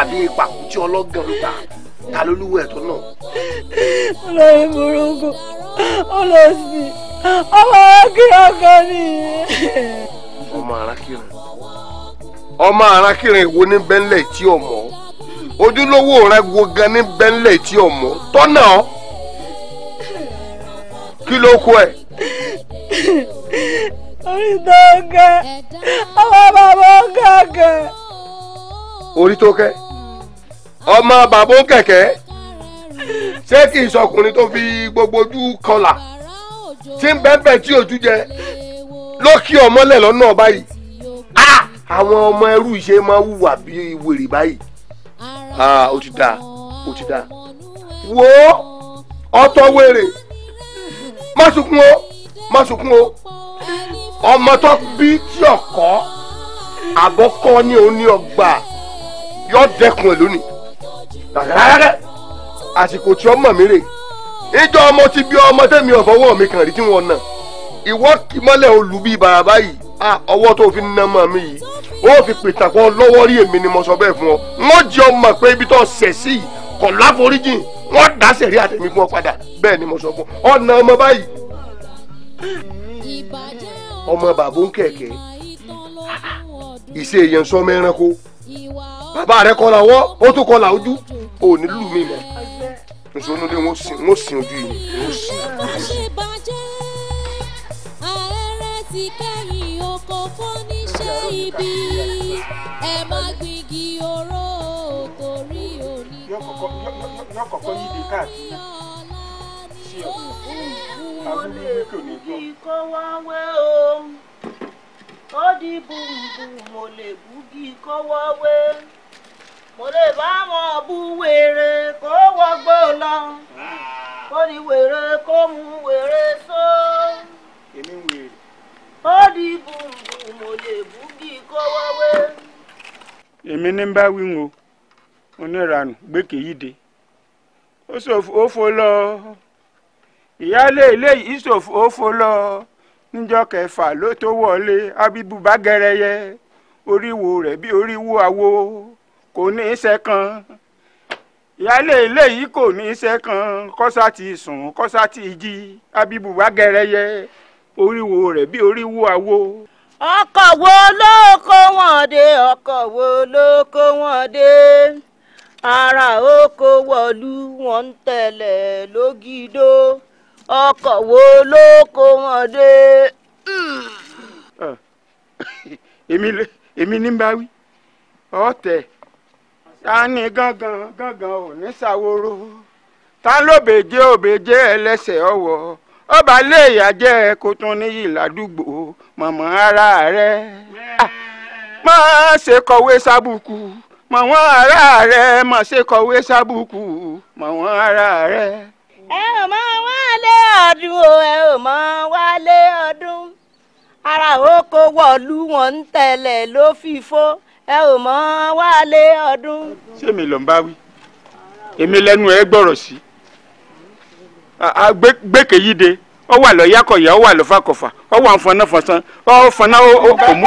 àbí ìpàkùtì ọlọ́gàn ń ta ta lólúwọ̀ ẹ̀tọ́ náà. olórí burúkú olóòsì ọmọ arákìnrin ọkàn ni. ọmọ arákìnrin ọmọ arákìnrin wo ní bẹ́ńlẹ̀ tí ọmọ ojúlówó rẹ wo gan ní bẹ́ńlẹ̀ tí ọmọ tọ́nà ọ́ kí ló kó ẹ. orí tó ń ọmọ bàbá ń kẹ́ orí tó kẹ́ ọmọ bàbá kẹ̀kẹ́ ṣé kì í sọkùnrin tó fi gbogbo ojú kọlà tí ń bẹ́ẹ̀bẹ́ẹ̀ tí ojú jẹ ló kí ọmọlẹ̀ lọ́nà báyìí àwọn ọmọ ẹrú ìṣe máa wùwà bí wèrè báyìí ó ti dáa ó ti dáa wo ọtọ wèrè má sunkún o má sunkún o ọmọ tó bí tí ọkọ àbọkọ ni òun ní ọgbà yóò dẹkùn ẹ lónìí rárá àsìkò tí ọmọ mi rè ìjọ ọmọ ti bí ọmọ tẹ̀mí ọ̀fọwọ́ mi kàn rí tí wọ́n nà ìwọ́ kì mọ́lẹ̀ olù bíi bàràbá yìí a ọwọ́ tó fi ná mọ́ mi yìí ó fi pìtàkùn lọ́wọ́ rí èmi ni mo sọ bẹ́ẹ̀ fún ọ wọ́n jẹ́ ọmọ pé ibi tó ṣẹ̀ sí yìí kọ̀ láforíjì wọ́n dá sẹ̀rí àtẹ̀mí fún ọ padà bẹ́ẹ̀ ni mo sọ fún ọ ọ̀nà ọmọ báyìí ọmọ bàbá ń kẹ̀kẹ́ ìṣe èèyàn sọ mẹ́ranko bàbá rẹ kọlà ọwọ́ ó tún kọlà ojú ò ní lù mí mọ́ nsọ́nù lé wọ́n sin wọ́n sin ojú yìí wọ́n sin ibi ẹ má gbígi oró torí oníkan torí ọ̀la ni. Wọ́n lè fi kọ́ wá wẹ́ o ó di bùnbùn mo lè búgi kó wọ́wé mo lè bá wọn bú wèrè kó wọgbó lọ kó ní wèrè kó mu wèrè só. èmi ń wèrè. ó di bùnbùn mo lè búgi kó wọ́wé. èmi ní bá wí ń o oníranù gbèkè yìí ó fò lọ ìyáálé ilé yìí ó fò lọ níjọ́ kẹfà ló tó wọlé abibu bá gẹrẹyẹ oríwo rẹ̀ bí oríwo àwo kò ní í ṣẹ̀kan ìyáálé ilé yìí kò ní í ṣẹ̀kan kọ́sá ti sùn kọ́sá ti jí abibu bá gẹrẹyẹ oríwo rẹ̀ bí oríwo àwo ọkọ̀ wo ló kó wọn dé ọkọ̀ wo ló kó wọn dé ara ó kó wọ̀lú wọn ń tẹ̀lẹ̀ lógidó. ọkọ̀ wo ló kó wọn dé. Hmm. Eh. èmi ní bá wí ọ̀tẹ̀ ta ni gángan gángan ò ní ṣàwòrò ta ló bèjé òbèjé ẹlẹ́sẹ̀ ọ̀wọ̀ ọba lé ìyàjẹ́ kó tún níyì ládùúgbò mọ̀mọ́ ara rẹ̀ má ṣe kọ̀wé sábùkù mọ̀wọ́n ara rẹ̀ má ṣe kọ̀wé sábùkù mọ̀wọ́n ara rẹ̀. ẹ ò mọ wálé ọdún o ẹ ò mọ wálé ọdún ara oko wọn ń tẹ̀lẹ̀ ló fìfó ẹ ò mọ wálé ọdún. ṣé èmi ló ń bá wí èmi lẹ́nu ẹ gbọ́rọ̀ sí gbẹ́kẹ̀yíde ọ wà lọ ọ wà lọ ọ wà ń fọnà ọ fọnà kò mú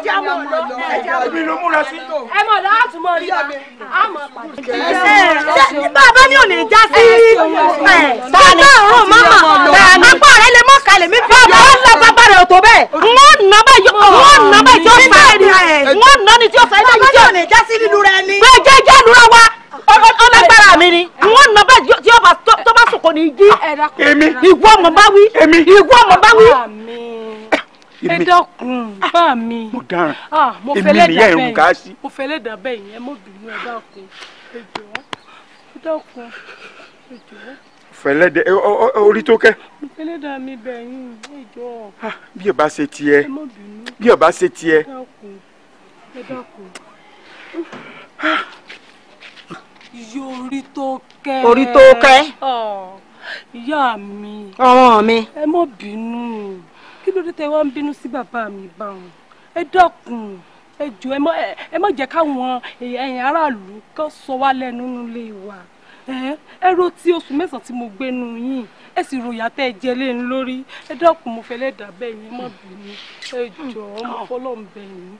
ẹjẹ àmọ lọ ẹjẹ àmọ lọ múra sí. ẹ mọ̀ lọ àtúmọ̀ rí wa àmọ̀ pàdé. ṣé bàbá mi ò lè já sí ẹ bàbá ọ̀rọ̀ màmá apá rẹ lè mọ̀ kalẹ̀ mi fi ọ̀rọ̀ ọ̀la bàbá rẹ̀ tó bẹ́ẹ̀. wọ́n nà bá yọ wọ́n nà bá yọ fà wọ́n nà ni tí ó fà ẹ́ lẹ́yìn tí ó lè já sí nínú rẹ ni. pé jẹ́jẹ́ nura wa ọlọ́gbára mi ni wọ́n nà bá tí ó bá sùn kò ní í jí. èmi ìwọ ọmọ bá wí ìwọ ọmọ bá wí ẹ dákun ah, bá mi mo dáràn ah, èmi nìyẹn ìrùn ká sí. mo fẹ́ lẹ́dàá bẹ́ẹ̀ yẹn mo bínú ẹ dákun ẹ jọ̀ọ́ ẹ dákun ẹ jọ̀ọ́. fẹlẹdẹ orí tó kẹ. fẹlẹdà mi bẹyìn ẹ jọ̀ọ́. Ah, bí o bá ṣe tiẹ̀ bí o bá ṣe tiẹ̀. ẹ dákun ẹ iye orí tó kẹ́. orí tó kẹ́. ìyá mi. ọmọ mi. ẹ má bínú ló dé tẹ ń bínú sí bàbá mi báwọn ẹ dọkùn ẹ jọ ẹ má jẹ́ káwọn ẹ̀yin aráàlú kó sọ wá lẹ́nu nílé wa ẹ ro tí oṣù mẹ́sàn-án tí mo gbé nu yín ẹ sì ròyà tẹ ẹ jẹ lẹ́nu lórí ẹ dọkùn mo fẹlẹ dà bẹ́ẹ̀ yín má bínú ẹ jọ ọmọ fọlọ́n bẹ yín.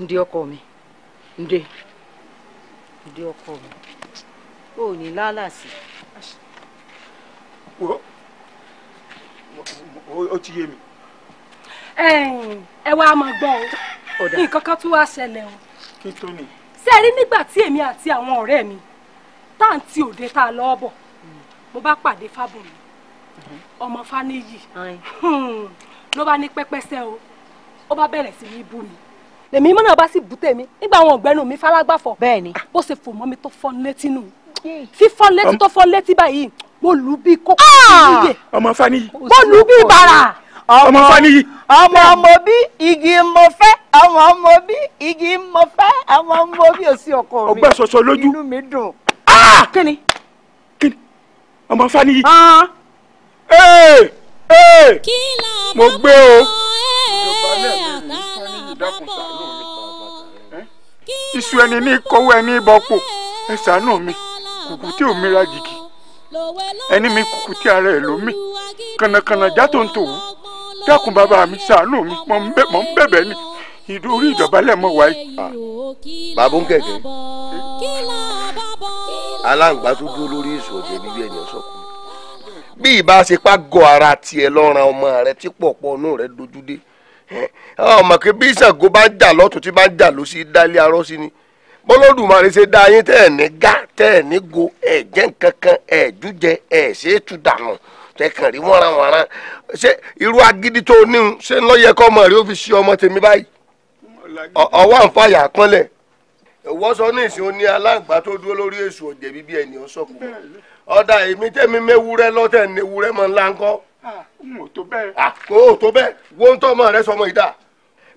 ǹdí ọkọ mi ǹdí ǹdí ọkọ mi ò ní lálàsì ó ti yé mi. ẹ wá mọ gbọ́ o nǹkan kan tún wá ṣẹlẹ̀ o. kí tó ni. ṣé ẹ rí nígbà tí èmi àti àwọn ọ̀rẹ́ mi tá à ń ti òde tá a bọ̀ mo bá pàdé fábùnmi ọmọ fanéyì hmm, ló bá ní pẹ́pẹ́sẹ́ o ó bá bẹ̀rẹ̀ sí ní bú mi lèmi mọ́nà bá sì bú tèmi nígbà àwọn ọ̀gbẹ́nu mi falágbáfọ̀ bẹ́ẹ̀ ni ah, bó ṣe fò mọ́ mi tó fọ́n létí nù fífọ́ létí tó fọ́ létí báyìí mo lù bí kókó níyè. Ah! ọmọ Faniyi. mo lù bí bàrà. ọmọ Faniyi. ọmọ ọmọ bí igi mo fẹ́ ọmọ ọmọ bí igi mo fẹ́ ọmọ ọmọ bí òsì ọkọ mi. ọgbẹ́ sọ̀sọ̀ lójú. inú mi dùn. Ah! kíni. kíni ọmọ Faniyi. ee ee mo gbé o. iṣu ẹni ní kówó ẹni bọ́pò ẹ ṣàánú mi. kuku tí ò mira jìkì ẹni mi tí ara ẹ lómi kànàkànà já tó ń tò ó dákun bàbá mi mi mò ń ni mọ wáyé. bàbá ń kẹ̀kẹ́ aláǹgbá tó dúró lórí èso ọ̀jẹ̀ bíbí ẹ̀yàn sọ̀kù bí ìbá ṣe pa gọ ara tiẹ̀ lọ́ràn ọmọ rẹ tí pọ̀pọ̀ ọ̀nù rẹ dojú dé ọmọ bá ń jà bá ń jà dálé bọ́lọ́dùmarè ṣe dá yín tẹ́ ẹ̀ ní gá tẹ́ ẹ̀ ní go ẹ̀ jẹ́ nǹkan kan ẹ̀ jújẹ ẹ̀ ṣe é tu dànù tẹkàn rí wọ́nranwọ̀nran ṣé irú agídí tó ní un ṣé ń lọ́yẹ kọ́ ọmọ rẹ ó fi ṣe ọmọ tèmi báyìí ọwọ́ àǹfààyà àpọ́nlẹ̀ wọ́n sọ ní ìsìn oní aláǹgbá tó dúró lórí èṣù ọ̀jẹ̀ bíbí ẹni ọ̀sọ̀kù ọ̀dà èmi tẹ́mi mẹ́wúrẹ́ lọ́tẹ̀ ní ewúrẹ́ mọ́ ńlá ńkọ́. Ah, ah, kò tó bẹ́ẹ̀. wo tọ́ ọmọ rẹ sọmọ ìdá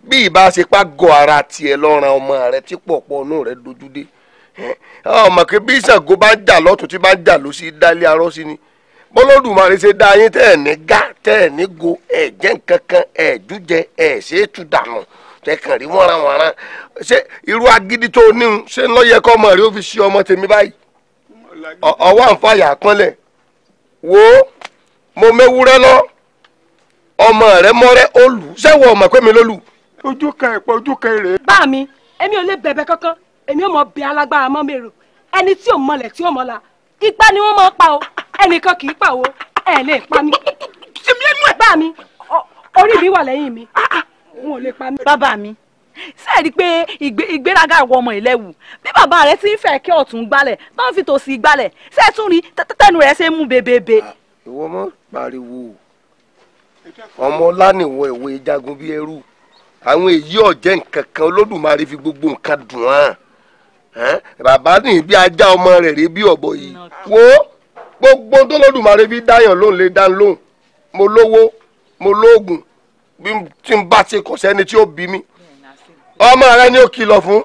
bí ìbá ṣe pa gọ ara tiẹ̀ lọ́ràn ọmọ rẹ tí pọ̀pọ̀ inú rẹ dojú dé ọmọ kí bí Ṣàngó bá ń jà lọ́tún tí bá ń jà lọ́sí dálé arọ́ sí ni bọ́lọ́dùmarè ṣe dá yín tẹ́ ẹ̀ ní gá tẹ́ ẹ̀ ní go ẹ̀ jẹ́ nǹkan kan ẹ̀ jújẹ ẹ̀ ṣe é tu dànù tẹ́ kàn rí wọ́nranwọ̀nran ṣé irú agídí tó ní un ṣé lọ́yẹ kọ́ ọmọ rẹ ó fi ṣe ọmọ tèmi báyìí ọwọ́ àǹfààyà àpọ́nlẹ̀ wo mo mewúrẹ́ lọ ọmọ rẹ mọ́rẹ́ ó lù ṣé ọmọ pé mi ló lù ojú kan ẹ̀pọ̀ ojú kan èrè. bá mi èmi ò lè bẹ̀bẹ̀ kankan èmi ò mọ bẹ alágbára mọ́ mèrò ẹni tí ò mọlẹ̀ tí ò mọ́la ipá ni wọ́n máa pa o ẹnìkan kì í pa o ẹ̀ lè pa mi. bá mi orí mi wà lẹ́yìn mi wọn ah, ah. ò lè pa mi. bàbá mi ṣe rí i pé ìgbéraga ìwọ ọmọ ìlẹ́wù bí bàbá rẹ ti ń fẹ́ kí ọ̀tún gbálẹ̀ tó ń fi tòsí gbálẹ̀ ṣe é tún rí tẹ́nu rẹ̀ ṣe ń mú bebebe. Ah, ìwọ mọ pariwo ọmọ ọlá nìwọ ìwé jagun bíi ẹrú àwọn èyí ọ̀jẹ́ nǹkan kan olódùmarè fi gbogbo nǹkan dùn án bàbá nìyí bí ajá ọmọ rẹ̀ rí bí ọ̀bọ yìí wo gbogbo tó lódùmarè fi dáyàn lóhùn lè dá lóhùn mo lówó mo lóògùn bí tí n bá ti kọ̀ sẹ́ni tí ó bí mi ọmọ rẹ ni ó kìlọ̀ fún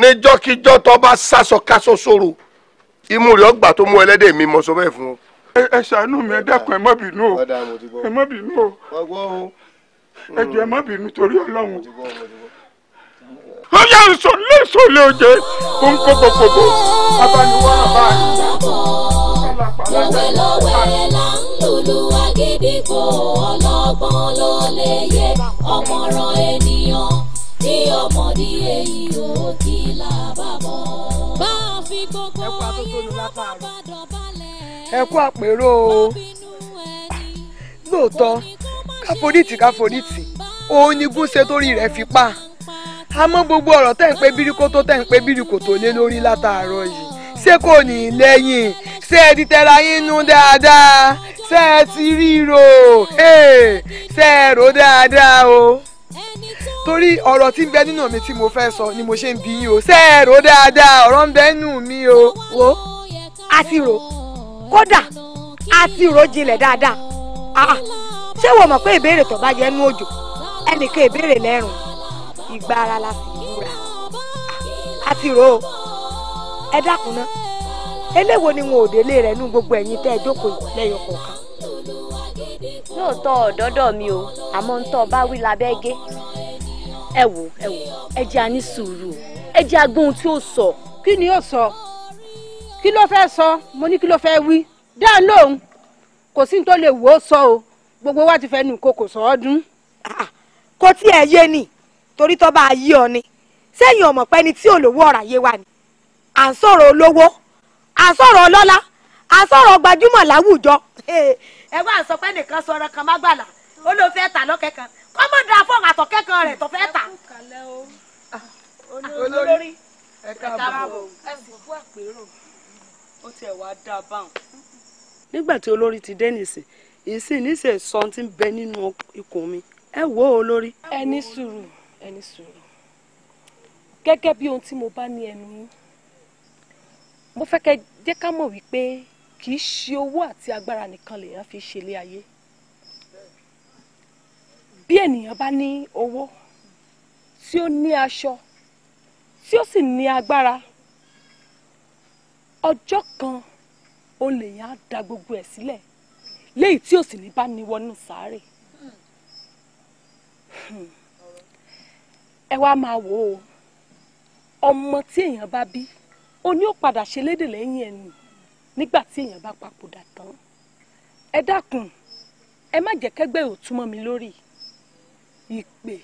níjọ́kíjọ́ tó bá sásọ kásọ sòrò imú rẹ̀ ọgbà tó mú ẹlẹ́dẹ̀ mi mọ̀ sọ bẹ́ẹ̀ fún ọ. ẹ ṣàánú mi ẹ dákun ẹ má bínú o ẹ má bínú o ẹ jọ̀ọ́ ẹ má bínú torí Ọlọ́run ó yà ń sọ léṣọ lóde ó ń kó gbogbogbò abániwá abáyé. lọ́wẹ́lọ́wẹ́ la ń lùlù agídígbò ọlọ́gbọ́n ló lè yẹ ọmọràn ènìyàn tí ọmọdé èyí ò kí là bá bọ̀. bá a fi gbogbo ayé lápá bá dọ̀bálẹ̀. ẹ kú àpérò lóòótọ́ káforítì káforítì òun ni gúnṣe torí rẹ̀ fi pa àmọ́ gbogbo ọ̀rọ̀ tẹ̀ ń pé bíríkó tó tẹ̀ ń pé bíríkó tó lé lórí látàárọ̀ yìí ṣé kò ní í lẹ́yìn ṣé ẹ ti tẹra yín nú dáadáa ṣé ẹ ti ríro ṣé ẹ rò dáadáa o torí ọ̀rọ̀ tí ń bẹ nínú mi tí mo fẹ́ sọ ni mo ṣe ń bi yín o ṣé ẹ rò dáadáa ọ̀rọ̀ ń bẹ nínú mi o. wo a ti rò kódà a ti rò jinlẹ̀ dáadáa ah, ṣé wọ́n mọ̀ pé ìbéèrè tó bá jẹ́ nú òjò ẹnìkan ìbéèrè lẹ́rùn ìgbà ara la sì búra àti rò ó ẹ dákun ná eléwo ni wọn ò délé rẹ nú gbogbo ẹ̀yin tẹ́ ẹ jókòó lẹ́yọ kọ̀ọ̀kan. lóòótọ́ ọ̀dọ́dọ̀ mi o àmọ́ ń tọ́ bá wí labẹ́ gé ẹ wò ẹ wò ẹ jẹ́ a ní sùúrù ẹ jẹ́ agbóhun tí ó sọ. kí ni ó sọ kí ló fẹ́ sọ mo ní kí ló fẹ́ wí dáa lóhùn kò sí ní tó lè wò ó sọ o gbogbo wa ti fẹ́ nu koko sọ́ọ́dún. Ah, kò tí ẹ yé ni torí tó bá yí ọ ni sẹ́yìn ọmọ pẹ́ ni tí olówó ọ̀rọ̀ ayé wa ni à ń sọ̀rọ̀ olówó à ń sọ̀rọ̀ ọlọ́lá à ń sọ̀rọ̀ gbajúmọ̀ láwùjọ. ẹ wá sọ pé nìkan sọ̀rọ̀ kan má gbàlà ó ló fẹ́ tà lọ́kẹ́kan kọ́mọ̀dé afọ́n àtọ̀kẹ́kan rẹ̀ tó fẹ́ tà. Ah, olórí ẹ káàbọ̀ ẹ sì kú àpérò ó tiẹ̀ wá dá a báwọn. nígbà tí olórí ti dé nìsín ìsìn níṣẹ́ sọ ti ń bẹ nínú ikùn mi ẹ wò ó lórí. ẹ sùúrù ẹ sùúrù gẹ́gẹ́ bí ohun tí mo bá ní ẹnu yín mo fẹ́ kẹ́ jẹ́ ká mọ̀ wípé kì í ṣe owó àti agbára nìkan lèèyàn fi ṣe ilé ayé bí ènìyàn bá ní owó tí ó ní aṣọ tí ó sì ní agbára ọjọ́ kan ó á da gbogbo ẹ̀ sílẹ̀ léyìí tí ò sì ní bá ní wọnú sáré ẹ wá máa wò ó ọmọ tí èèyàn bá bí ó ní ó padà ṣe lédè lẹ́yìn ẹnu nígbà tí èèyàn bá papòdà tán ẹ dákun ẹ má jẹ́ kẹ́gbẹ́ ò túmọ̀ mi lórí ìpè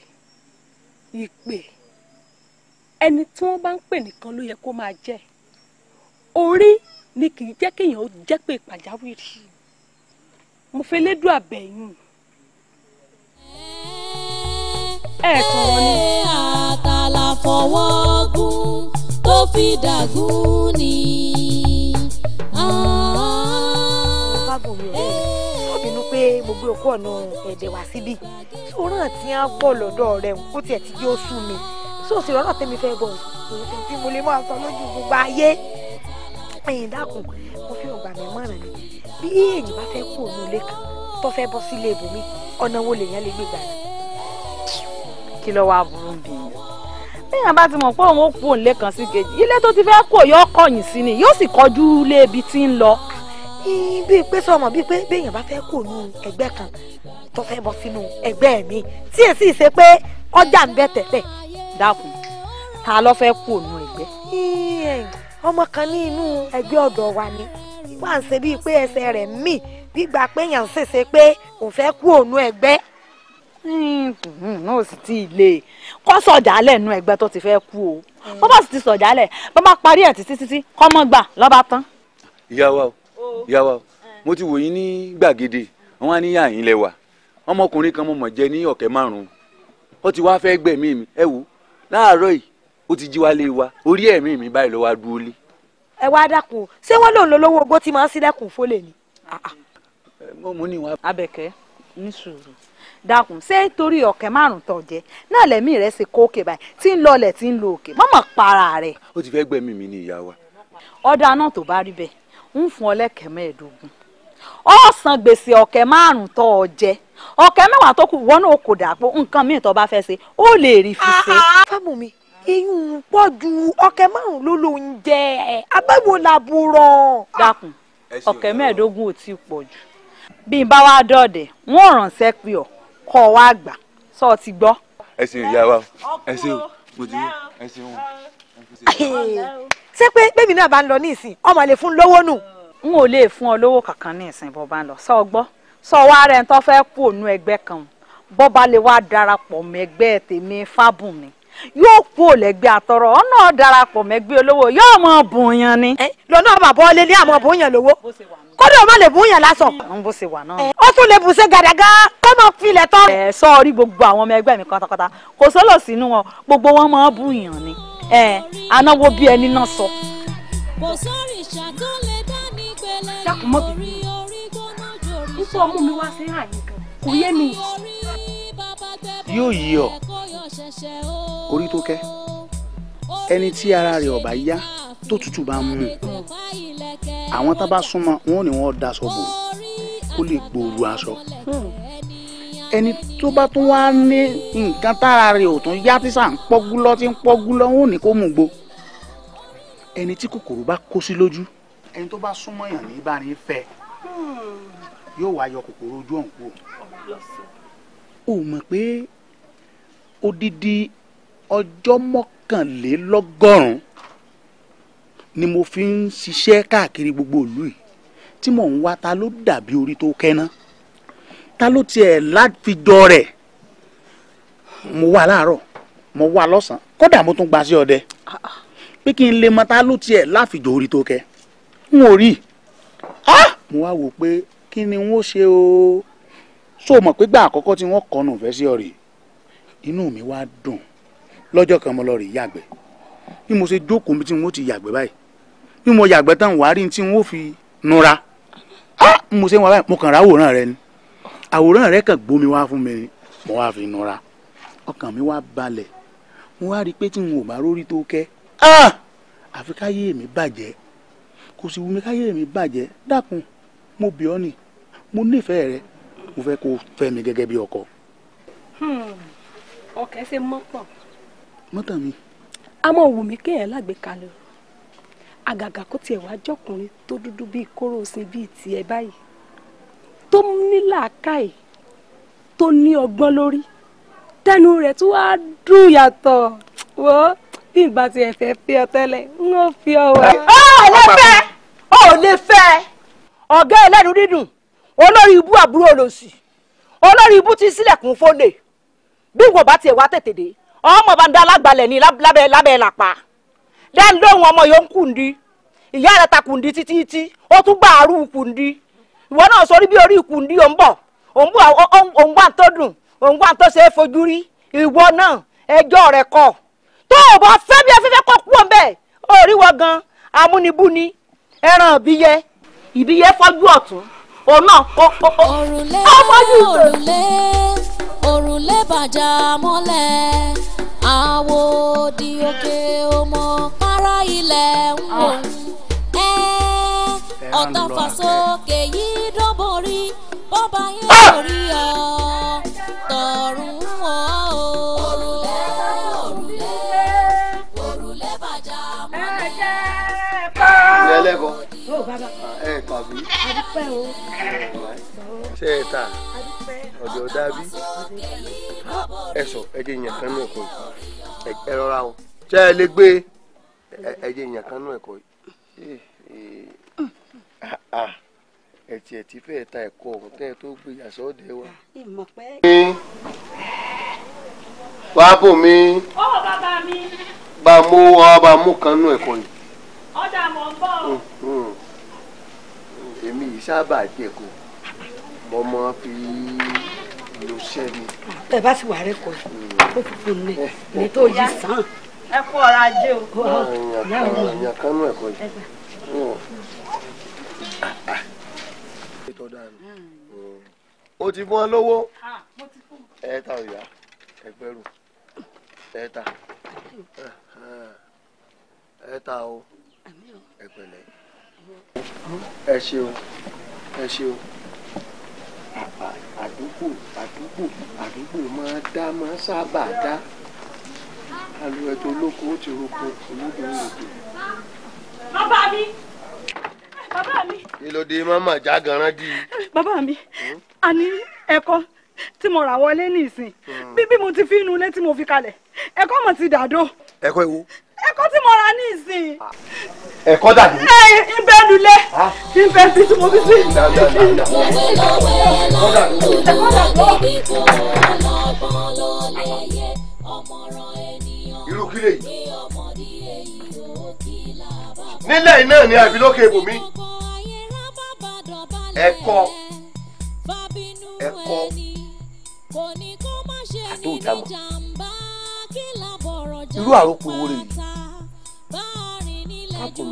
ìpè ẹni tí wọ́n bá ń pè nìkan ló yẹ kó máa jẹ́ orí ni kì í jẹ́ kéèyàn jẹ́ pé pàjáwìrì mo fẹ́ lédùn àbẹ̀yìn ẹ̀ tọrọ ni. àtàlà fọwọ́ gún tó fi dàgún ni. mo gbé okó ọ̀nà ẹ̀dẹ̀ wá síbí tí òun náà ti á bọ̀ lọ́dọ̀ rẹ̀ ó tiẹ̀ ti jẹ́ oṣù mi tí òsì rọ́nà tẹ́mi fẹ́ bọ̀ òun tí mo lè máa sọ lójú gbogbo ayé ẹ̀yìn dákun mo fi ọgbà mi mọ̀ràn ni bí èèyàn bá fẹ́ kú òun ilé kan tó fẹ́ bọ́ sílé ibòmí ọ̀nà wo lèèyàn lè gbé gbà ní. kí ló wàá burú bí i bíyàn bá ti mọ̀ pé òun ó kú òun ilé kan sí kejì ilé tó ti fẹ́ kú òun yóò kọ̀yìn sí ni yóò sì kọjú lé ibi tí ń lọ. bíi pé sọmọ bíi pé béèyàn bá fẹ́ kú òun ẹgbẹ́ kan tó fẹ́ bọ́ sínú ẹgbẹ́ mi tí è sì ṣe pé ọjà ń bẹ tẹ́lẹ̀ dákun ta ló fẹ́ kú òun ẹgbẹ́. ọmọ kan ní inú ẹgbẹ́ ọ̀dọ̀ wa ni wà ń ṣe bíi pé ẹsẹ̀ rẹ̀ mì gbígbà pé èèyàn ń ṣèṣe pé òun fẹ́ kú òun ẹgbẹ́ hmm, hmm, náà sì ti lè kọ́ sọ̀jálẹ̀ nu ẹgbẹ́ tó ti fẹ́ kú o hmm. bó bá sì ti sọ̀jálẹ̀ bó bá parí ẹ̀ títí títí kọ́mọ́ gbà lọ́ba tán. ìyá wa o ìyá wa o mo ti wò yín ní gbàgede wọn á ní yín lẹ́wà ọmọkùnrin kan mo mọ̀ jẹ ní ọ̀kẹ́ márùn-ún ó ti wá fẹ́ gbẹ̀mí mi ẹ wò láàárọ̀ yìí ó ti jí wá lé wa orí ẹ̀mí mi báyìí ló wá ẹ wá dákun ṣé wọn lòun lolówó ogbó tí máa ń sílẹ̀kùn fólè ni. Ah, ah. mo mú ni wá. abẹkẹ ní sùúrù dákun ṣé torí ọ̀kẹ́ márùn tó jẹ náà rẹ ṣe kó òkè báyìí tí ń lọlẹ̀ tí ń lo òkè para rẹ. ó ti fẹ́ gbẹ̀mí mi ní ọ lẹ́kẹ̀ẹ́ mẹ́ẹ̀ẹ́dógún gbèsè ọ̀kẹ́ márùn tó jẹ ọ̀kẹ́ mẹ́wàá tó kù wọnú òkò dàpọ̀ nǹkan míì tó bá fẹ́ ṣe ó ah, eyín pọ̀ ju ọ̀kẹ́ márùn ló ló ń jẹ abẹ́wò làbúrọ̀. dákun ọ̀kẹ́ mẹ́ẹ̀ẹ́dógún ò tí ì pọ̀ jù bí n bá wá dọ̀dẹ̀ wọ́n ránṣẹ́ pé ọ kọ́ ọ wá gbà sọ ọ ti gbọ́. ẹ ṣeun ìyá wa ẹ ṣeun mo ti ẹ ṣeun wọn. ṣé pé bébí náà bá ń lọ ní ìsìn ọmọ lè fún lówó nù. n ò lè fún ọ lówó kankan ní ìsìn bó bá ń lọ sọ ọ gbọ́ sọ wá rẹ̀ ń tọ́ fẹ́ kú òun ẹgbẹ́ kan bó bá lè wá darapọ̀ mẹ́gbẹ́ tèmi fábùnmi yóò kú lẹ́gbẹ́ àtọrọ ọ̀nà darapọ̀ mẹ́gbẹ́ olówó yóò mọ bùnyàn ni. lọ́nà ọmọ àbọ̀ lé ní àmọ́ bùnyàn lówó kódà ọmọ lè bùnyàn lásán. n bó ṣe wà náà. ó tún lè bùṣe gàdàgà kó mọ filẹ̀ tán. ẹ sọ orí gbogbo àwọn ọmọ ẹgbẹ́ mi kọ́tàkọ́tà kò sólò sínú wọn gbogbo wọn mọ bùnyàn ni ẹ anáwó bí ẹni náà sọ. kò sórí ìṣàtúnlẹ̀ dání gbẹlẹ́ orí orí gbọ́n yóò yí ọ orí tó kẹ́ ẹni tí ara rẹ̀ ọ̀bá yá tó tútù bá mú un àwọn tá bá súnmọ́ wọn ò ní wọn daṣọ bò kó lè gbòòrò aṣọ hmm. ẹni tó bá tún wá ní nǹkan tára rẹ̀ ò tún yá tí sà ń pọ́gúlọ́ tí ń pọ́gúlọ́ wọn ò ní kó mú gbó ẹni tí kòkòrò bá kó sí lójú ẹni tó bá súnmọ́ yàn ní bá ní fẹ́ hmm. yóò wá kòkòrò ojú ọ̀hún kúrò o mọ̀ pé odidi ọjọ́ mọ́kànlélọ́gọ́rùn-ún ni mo fi ń ṣiṣẹ́ káàkiri gbogbo ìlú yìí tí mò ń wá ta ló dàbí orí tó kẹ́ná ta ló tiẹ̀ láfijọ́ rẹ̀ mo wà láàárọ̀ mo wà lọ́sàn-án kódà mo tún gba sí ọdẹ pé kí n lè mọ ta ló tiẹ̀ láfijọ́ orí tó kẹ́ n ò rí mo wá wò pé kí ni n ó ṣe o. Ah! so mọ̀ pé gbà àkọ́kọ́ tí wọ́n kọ́ nù fẹ́ sí inú mi wá dùn lọ́jọ́ kan mo lọ rè yàgbẹ́ bí mo ṣe jókòó mi tí wọ́n ti yàgbẹ́ báyìí bí mo yàgbẹ́ tán rí tí wọ́n fi nura mo ṣe wọn rẹ ni àwòrán rẹ kàn gbómi wá fún mi mo wá fi ọkàn mi wá balẹ̀ mo wá rí i pé tí ò bá rórí tó kẹ́ àfi káyé mi bàjẹ́ kò sì wù mí káyé mi bàjẹ́ dákun mo bì ọ́ mo fẹ́ kó fẹ́ mi gẹ́gẹ́ bí ọkọ. Hmm, ọkẹ ṣe mọ́pọ̀. mọ́tà mi. a mọ̀ wù mí kéèyàn lágbèékalẹ̀ àgàgà kó tiẹ̀ wá jọkùnrin tó dúdú bíi kóró sin bíi tiẹ̀ báyìí tó ní làákàyè tó ní ọgbọ́n lórí tẹnu rẹ̀ tó wá dùn yàtọ̀ wọ́n bí n bá tiẹ̀ fẹ́ fi ọ tẹ́lẹ̀ n ó fi ọ wẹ̀. ọ ah, ò lè fẹ́ ọ ò lè fẹ́ ọ̀gá ẹlẹ́nu dídùn olórí ibú àbúrò olóṣì olórí ibú ti sílẹ̀kùn fólè bí wọn bá tiẹ̀ wá tètè dé ọmọ bá ń da alágbálẹ̀ ní lábẹ́ lábẹ́ làpá dẹ́n lóhùn ọmọ yóò ń kùndí ìyá rẹ̀ ta kùndí títí títí ó tún gbà àrùn kùndí ìwọ náà sọ bí orí kùndí ò ń bọ̀ òun wà tó dùn òun wà tó ṣe é fojú rí ìwọ náà ẹjọ́ rẹ̀ kọ̀ tó o bá fẹ́ bí afẹ́fẹ́ kọ́ kú ọ̀n bẹ́ẹ̀ orí wọ gan amúnibúni ẹran ìbíyẹ ìbíyẹ fọ́jú ọ̀tún òun náà ó ó ó ọmọ yìí sọ. òrùlé òrùlé bàjá mọ́lẹ̀ àwo di òkè ọmọ para ilẹ̀ ń wò ah. ẹ́ ọ̀tá fàṣọ dọ́bọ̀rí bọ́bá yẹn lórí ah. ọ́. àbí. àdúpẹ́ o. ṣé ẹ ta ọ̀dọ̀ dábí ẹ sọ ẹ jẹ ìyàn kan náà kọ ẹ rọra o ṣé ẹ lè gbé ẹ jẹ ìyàn kan náà kọ ah, ẹ tiẹ̀ ti fẹ́ ta ẹ̀kọ́ ọ̀hún kẹ́ tó gbé yàtọ̀ ọ̀dẹ wa. wàá mi. bá mú ọ mú kan nú ẹ̀kọ́ yìí. ọ̀dà mọ̀ ń b sábà jẹko mo mọ fi lo sẹ́ni. ẹ bá sì wà rẹ kọ ó fòfò ní ní tó yí sàn. ẹ kú ọ̀rọ̀ ajé o. àyàn kan náà ẹ̀kọ́ yìí. o ti fún ọ lówó ẹ̀ẹ́ta ọ̀yà ẹgbẹ̀rún ẹ̀ẹ́ta ẹ̀ẹ́ta o ẹ̀pẹ̀lẹ́ ẹ ṣeun ẹ ṣeun àdúgbò àdúgbò àdúgbò máa dá máa sábà dá alu ẹjọ olóko ó ti roko olóbìnrin òde. bàbá mi bàbá mi. kí ló dé mọ́mọ́ ìjà ganan di. bàbá mi hmm? a ní ẹ̀kọ́ tí mo rà wọlé nísìn hmm. bí bí mo ti fi inú ilé tí mo fi kalẹ̀ ẹ̀kọ́ mo ti dàdó. ẹ̀kọ́ ewu ẹ̀kọ́ tí mo ra ní ìsìn. ẹ̀kọ́ dàbí. ẹ ibẹ̀ nulẹ̀ ibẹ̀ ti tí mo fi sí. ẹ̀kọ́ dàbí. ẹ̀kọ́ dàbí. irú kílè yìí. nílẹ̀ iná ni àbí lókè ibòmí. ẹ̀kọ́ ẹ̀kọ́ àtòjámọ̀ irú àròpọ̀ owó rẹ̀ yìí káàpù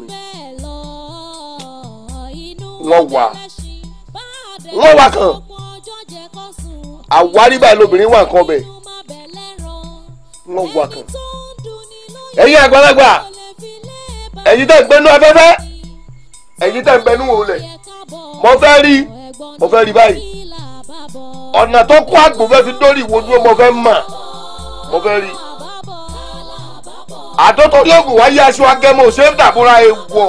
mi wọ́n wà wọ́n wà kàn àwárí báyìí lóbìnrin wà nǹkan ọbẹ̀ wọ́n wà kàn ẹ̀yin àgbàlagbà ẹ̀yin tẹ̀ ń gbẹ́nu afẹ́fẹ́ ẹ̀yin tẹ̀ ń gbẹ́nu òòlẹ̀ mo fẹ́ rí mo fẹ́ rí báyìí ọ̀nà tó kó àgbò fẹ́ fi dórí ìwòdúró mo fẹ́ mà mo fẹ́ rí àtọ́tọ́ lóògùn wáyé aṣọ agẹmọ òṣèré tàbúrà ewọ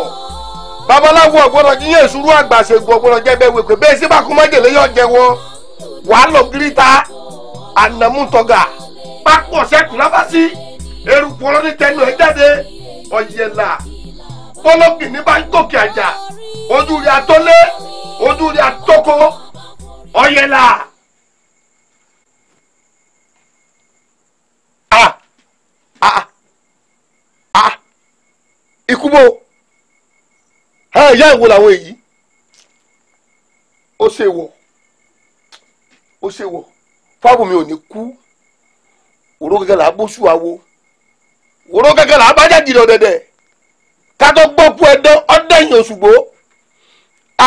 babaláwo ọgbọ́dọ̀ yíyẹ ìṣúrú àgbàṣègùn ọgbọ́dọ̀ jẹ́ bẹ́ẹ̀ wípé bẹ́ẹ̀ sí bàkúmọ́jèlé yọ̀ jẹ́ wọ́n wàá lọ gíríta ànàmútọ́gà pápọ̀ sẹ́kù lábásí eruku ọlọ́ni tẹnu ẹ̀ jáde ọ̀yẹ̀là tọ́lọ́gì ní bá ń gòkè àjà ojú rẹ̀ àtọ́lé ojú rẹ̀ àtọ́kọ ọ̀yẹ̀là. Ah! Ah! ah ikú bò ẹ ìyá ìwo làwọn èyí ó ṣe wọ ó ṣe wọ fábùmí ò ní kú òró gẹ́gẹ́ là á bóṣù àwo òró gẹ́gẹ́ là á bá jáde lọ dẹ̀dẹ̀ kátó gbókù ẹdán ọdẹyìn òṣùgbó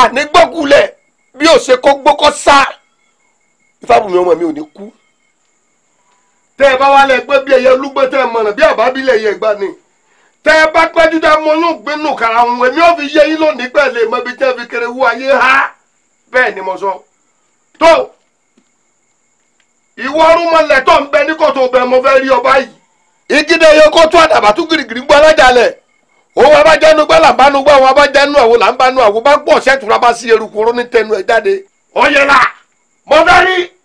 àní gbókulẹ bí ó ṣe kó gbókọ sá ìfábùmí ọmọ mi ò ní kú tẹ́ ẹ bá wálé ẹgbẹ́ bí ẹyẹ olúgbọ́n tẹ́ ẹ mọ̀nà bí àbábílẹ̀ ẹyẹ gbani. tẹ ẹ bá pẹ́jú dá mo yóò gbénu kàrà òun èmi ò fi yé yín lónìí pẹ̀ mọ ibi tí fi kéré wú ayé ha bẹ́ẹ̀ ni mo sọ. tó ìwọ ọrùnmọlẹ tó ń bẹ ní kòtò bẹ mo fẹ́ rí ọba yìí. igide yóò kó àdàbà gbọ́ òun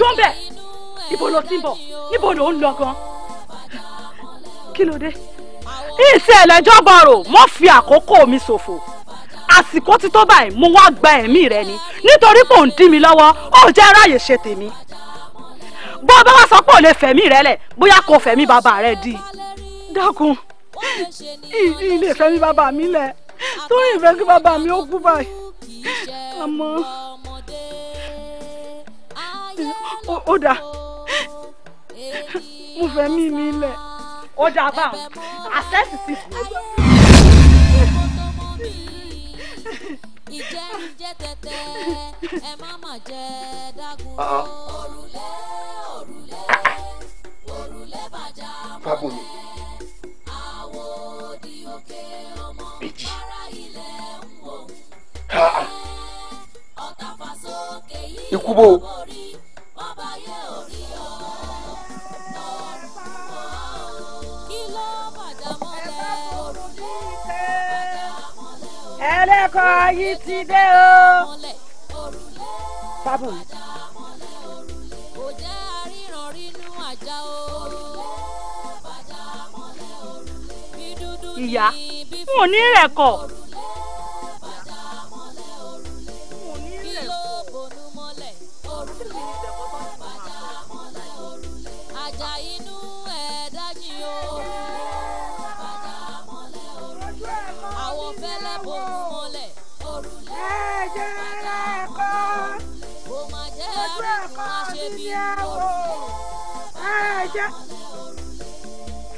dúró bẹ́ẹ̀ ibo ló ti ń bọ̀ níbo ló ń lọ gan kí ló dé ìṣe ẹlẹ́jọ́ bọ̀rọ̀ mo fi àkókò mi ṣòfò àsìkò ti tó báyìí mo wá gba ẹ̀mí rẹ ni nítorí pò ń dí mi lọ́wọ́ ó jẹ́ ráàyè ṣe tèmi bó o bá wá sọ pé ò lè fẹ̀mí rẹ lẹ̀ bóyá kò fẹ̀mí bàbá rẹ di dákun ilé fẹ̀mí bàbá mi lẹ̀ torí ìfẹ́ kí bàbá mi ó kú báyìí àmọ́ ó dà mo fẹ́ mí mi lẹ̀ ó dà bá àṣẹ́sì ti kú. ìjẹ́ ẹ má má jẹ́ dágùn òrùlé òrùlé òrùlé bàjá mọ́lẹ̀ àwọ̀ òdì òkè ọmọ bára ilẹ̀ ń wò ọ̀tàfà sókè yìí ó bàbá yẹ orí o. kí ẹlẹ́kọ̀ ayé ti dé o. òrùlé bàjá kò jẹ́ àríran rínú àjà o. òrùlé bàjá ìyá n ò ní rẹ̀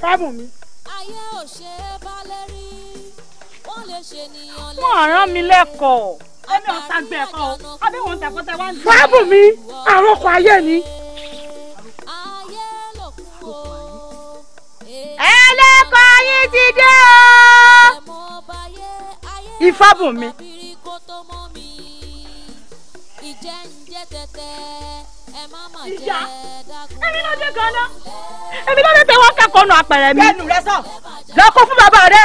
fáàmù mi. ayé ò ṣe é balẹ̀ rí wọ́n lè ṣe nìyàn lẹ́yìn. wọ́n rán mi lẹ́kọ̀ọ́ ẹni ọ̀sán gbẹ ẹ̀kọ́ o abẹ́wọ̀n tẹ̀kọ́tẹ̀ wá ń jẹ́. fáàmù mi àròkọ ayé ni. ayé ló kú o. ẹlẹ́kọ̀ọ́ yín ti dé o. ìfábùnmi. ìjà èmi ló dé gan-an èmi ló dé tẹ́wọ́ kẹ́kọ̀ọ́ nù apẹ̀rẹ̀ mi. lọ kó fún bàbá rẹ.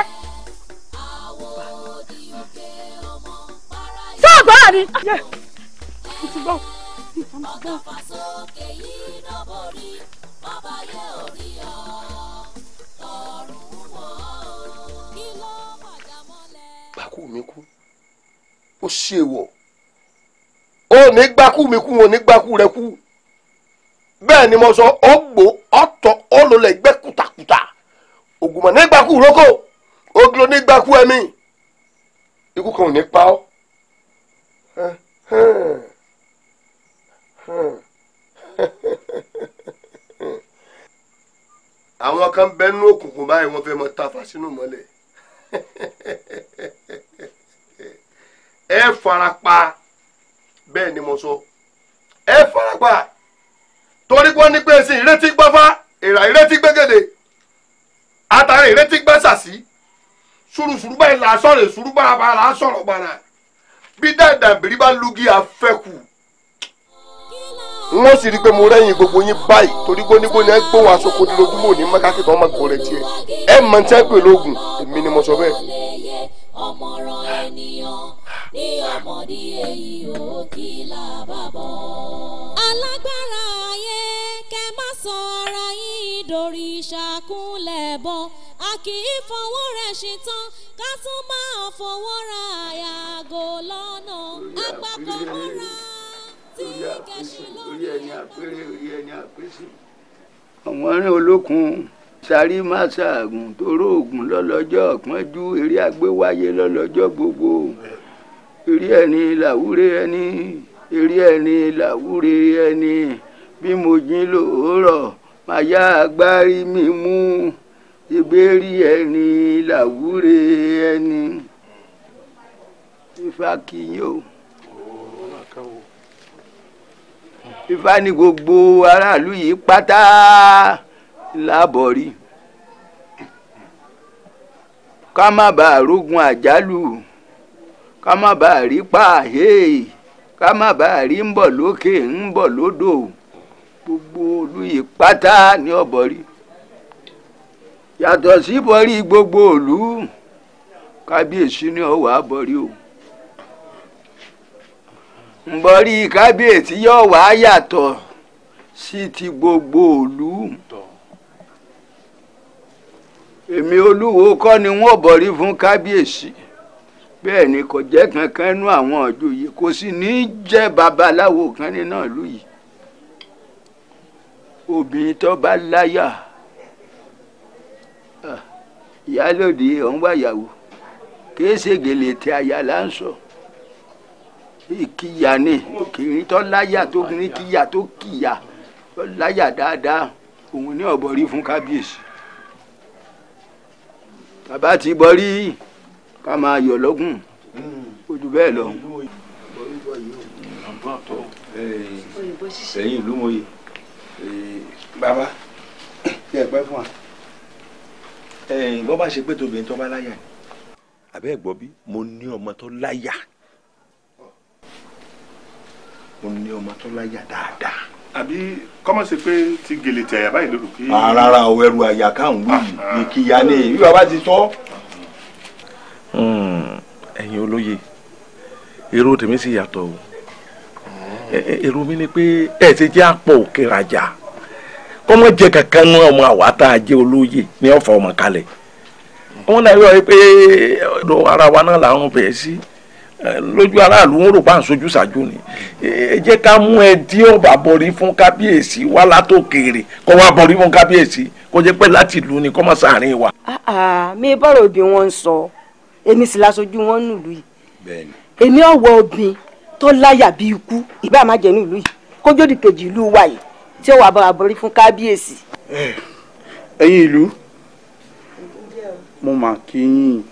sọ àgbọ̀rọ̀ ni. gbàkú mi kú ó ṣe wọ ó ní gbàkú mi kú ó ní gbàkú rẹ kú. bẹ́ẹ̀ ni mo sọ ọgbó ọ̀tọ̀ olólẹ́gbẹ́ kùtàkùtà ògùnmọ̀ nígbàkú rókò oglo nígbàkú ẹ̀mí ikú kan ò ní pa ọ́. àwọn kan bẹnu òkùnkùn báyìí wọ́n fẹ́ mọ tafa sínú mọ́lẹ̀ ẹ farapa bẹ́ẹ̀ ni mo sọ ẹ farapa. torí pé ó ní pé ẹ sì ìrètí gbọ́fá èrà ìrètí gbẹ́gẹ́dẹ́ àtàrí ìrètí gbẹ́sàsí ṣùrùṣùrù báyìí là á sọ̀rọ̀ ṣùrù bàbà sọ̀rọ̀ gbàrà bí dáadáa bèrè bá lugi àfẹ́kù wọ́n sì rí i pé mo rẹ́yìn gbogbo yín báyìí torí gbónígbóni ẹ gbóhùn aṣọkò lójúmọ́ ní mẹ́kákì kan máa gọ̀ọ́rẹ́ tiẹ̀ ẹ mọ̀ ní tẹ́pẹ̀ èmi ni mo sọ bẹ́ẹ̀. ọmọ ọ̀rọ̀ ènìyàn bí àmọ̀dí èyí ò kí là bá bọ̀. alágbára ayé kẹ má sọ ara yín dorí ṣàkúnlẹ̀ bọ̀ a kì í fọwọ́ rẹ̀ ṣetán ká tún máa fọwọ́ ra àyàgò lọ́nà àpapọ̀ mọ́ra tí kẹ̀sì lọ́nà. orí àwọn arìn olókun sáré má ṣàgùn toró ògùn lọ́lọ́jọ́ ọ̀pọ̀njú eré àgbéwáyé lọ́lọ́jọ́ gbogbo. Yeah eré ẹni làwúre ẹni eré ẹni làwúre ẹni bí mo jí lòórọ̀ màá yá agbárí mi mú ìbéèrè ẹni làwúre ẹni ifá kìíní o ifá ni gbogbo aráàlú yìí pátá lábọ̀rí ká má bàa rógun àjálù ká má bàa rí pààyè ká má bàa rí ń bọ̀ lókè ń bọ̀ lódò gbogbo olùyè pátá ní ọ̀bọ̀rí yàtọ̀ sí bọ́rí gbogbo òlú kábíyèsí ní ọ̀wà bọ́rí o ńbọ̀rí kábíyèsí yóò wá yàtọ̀ sí ti gbogbo òlú èmi olúwo kọ́ ni wọ́n bọ̀rí fún kábíyèsí. Si bẹ́ẹ̀ ni kò jẹ́ kankan nú àwọn ọ̀dọ́ yìí kò sì ní í jẹ́ babaláwo kan nínú ìlú yìí obìnrin tó bá láyà ìyálòdì ọ̀hún wáyàwó kìí ṣe gèlè tí aya là ń sọ ìkìyà ni kìnrin tó láyà tó kìnrin kìyà tó kìyà tó láyà dáadáa òun ní ọ̀bọ̀rí fún kábíyèsí bàbá ti bọ̀ rí yìí ká máa yọ̀ lọ́gùn ojú bẹ́ẹ̀ lọ. ẹ̀yin ìlú mòye bàbá ẹ pẹ́ fún wa bọ́ bá ṣe pé tóbi tó bá láyà ni àbẹ́ ẹ̀gbọ́n bí mo ní ọmọ tó láyà mo ní ọmọ tó láyà dáadáa. àbí kọ́mọ̀ sí pé ti gèlè tẹ̀yà báyìí lóru kí. rárá o ẹrù àyà káwọn wí ni ah, ah. kíyà ni bí bàbá ti sọ. Hmm. ẹ̀yin olóye èrò tèmi sì yàtọ̀ o èrò mi ni pé ẹ̀ ti jẹ́ àpò òkè rajà kọ́mọ jẹ kankan nu ọmọ àwa tá a jẹ olóye ní ọ̀fọ̀ ọmọ kalẹ̀ wọn náà yọ pé ọ̀dọ̀ ara wa náà là ń bẹ̀ẹ́ sí lójú aráàlú ń rò bá ń sojú ṣáájú ni ẹ jẹ́ ká mú ẹ dí ọ̀bà bọ̀rí fún kábíyèsí wá látòkèèrè kó wá bọ̀rí fún kábíyèsí kó jẹ́ pé láti ìlú ni kó sàárín wa. Ah, ah, mi bọ́rọ̀ bí wọ́n ń sọ èmi sì láṣojú wọn nílùú yìí èmi ọ̀wọ́ obìn tó láyà bí ikú ìbá má jẹ́ nílùú yìí kójódì kejì ìlú wa yìí tí ó wà bá wa borí fún kábíyèsí. ẹ̀yin ìlú mo mà kí yín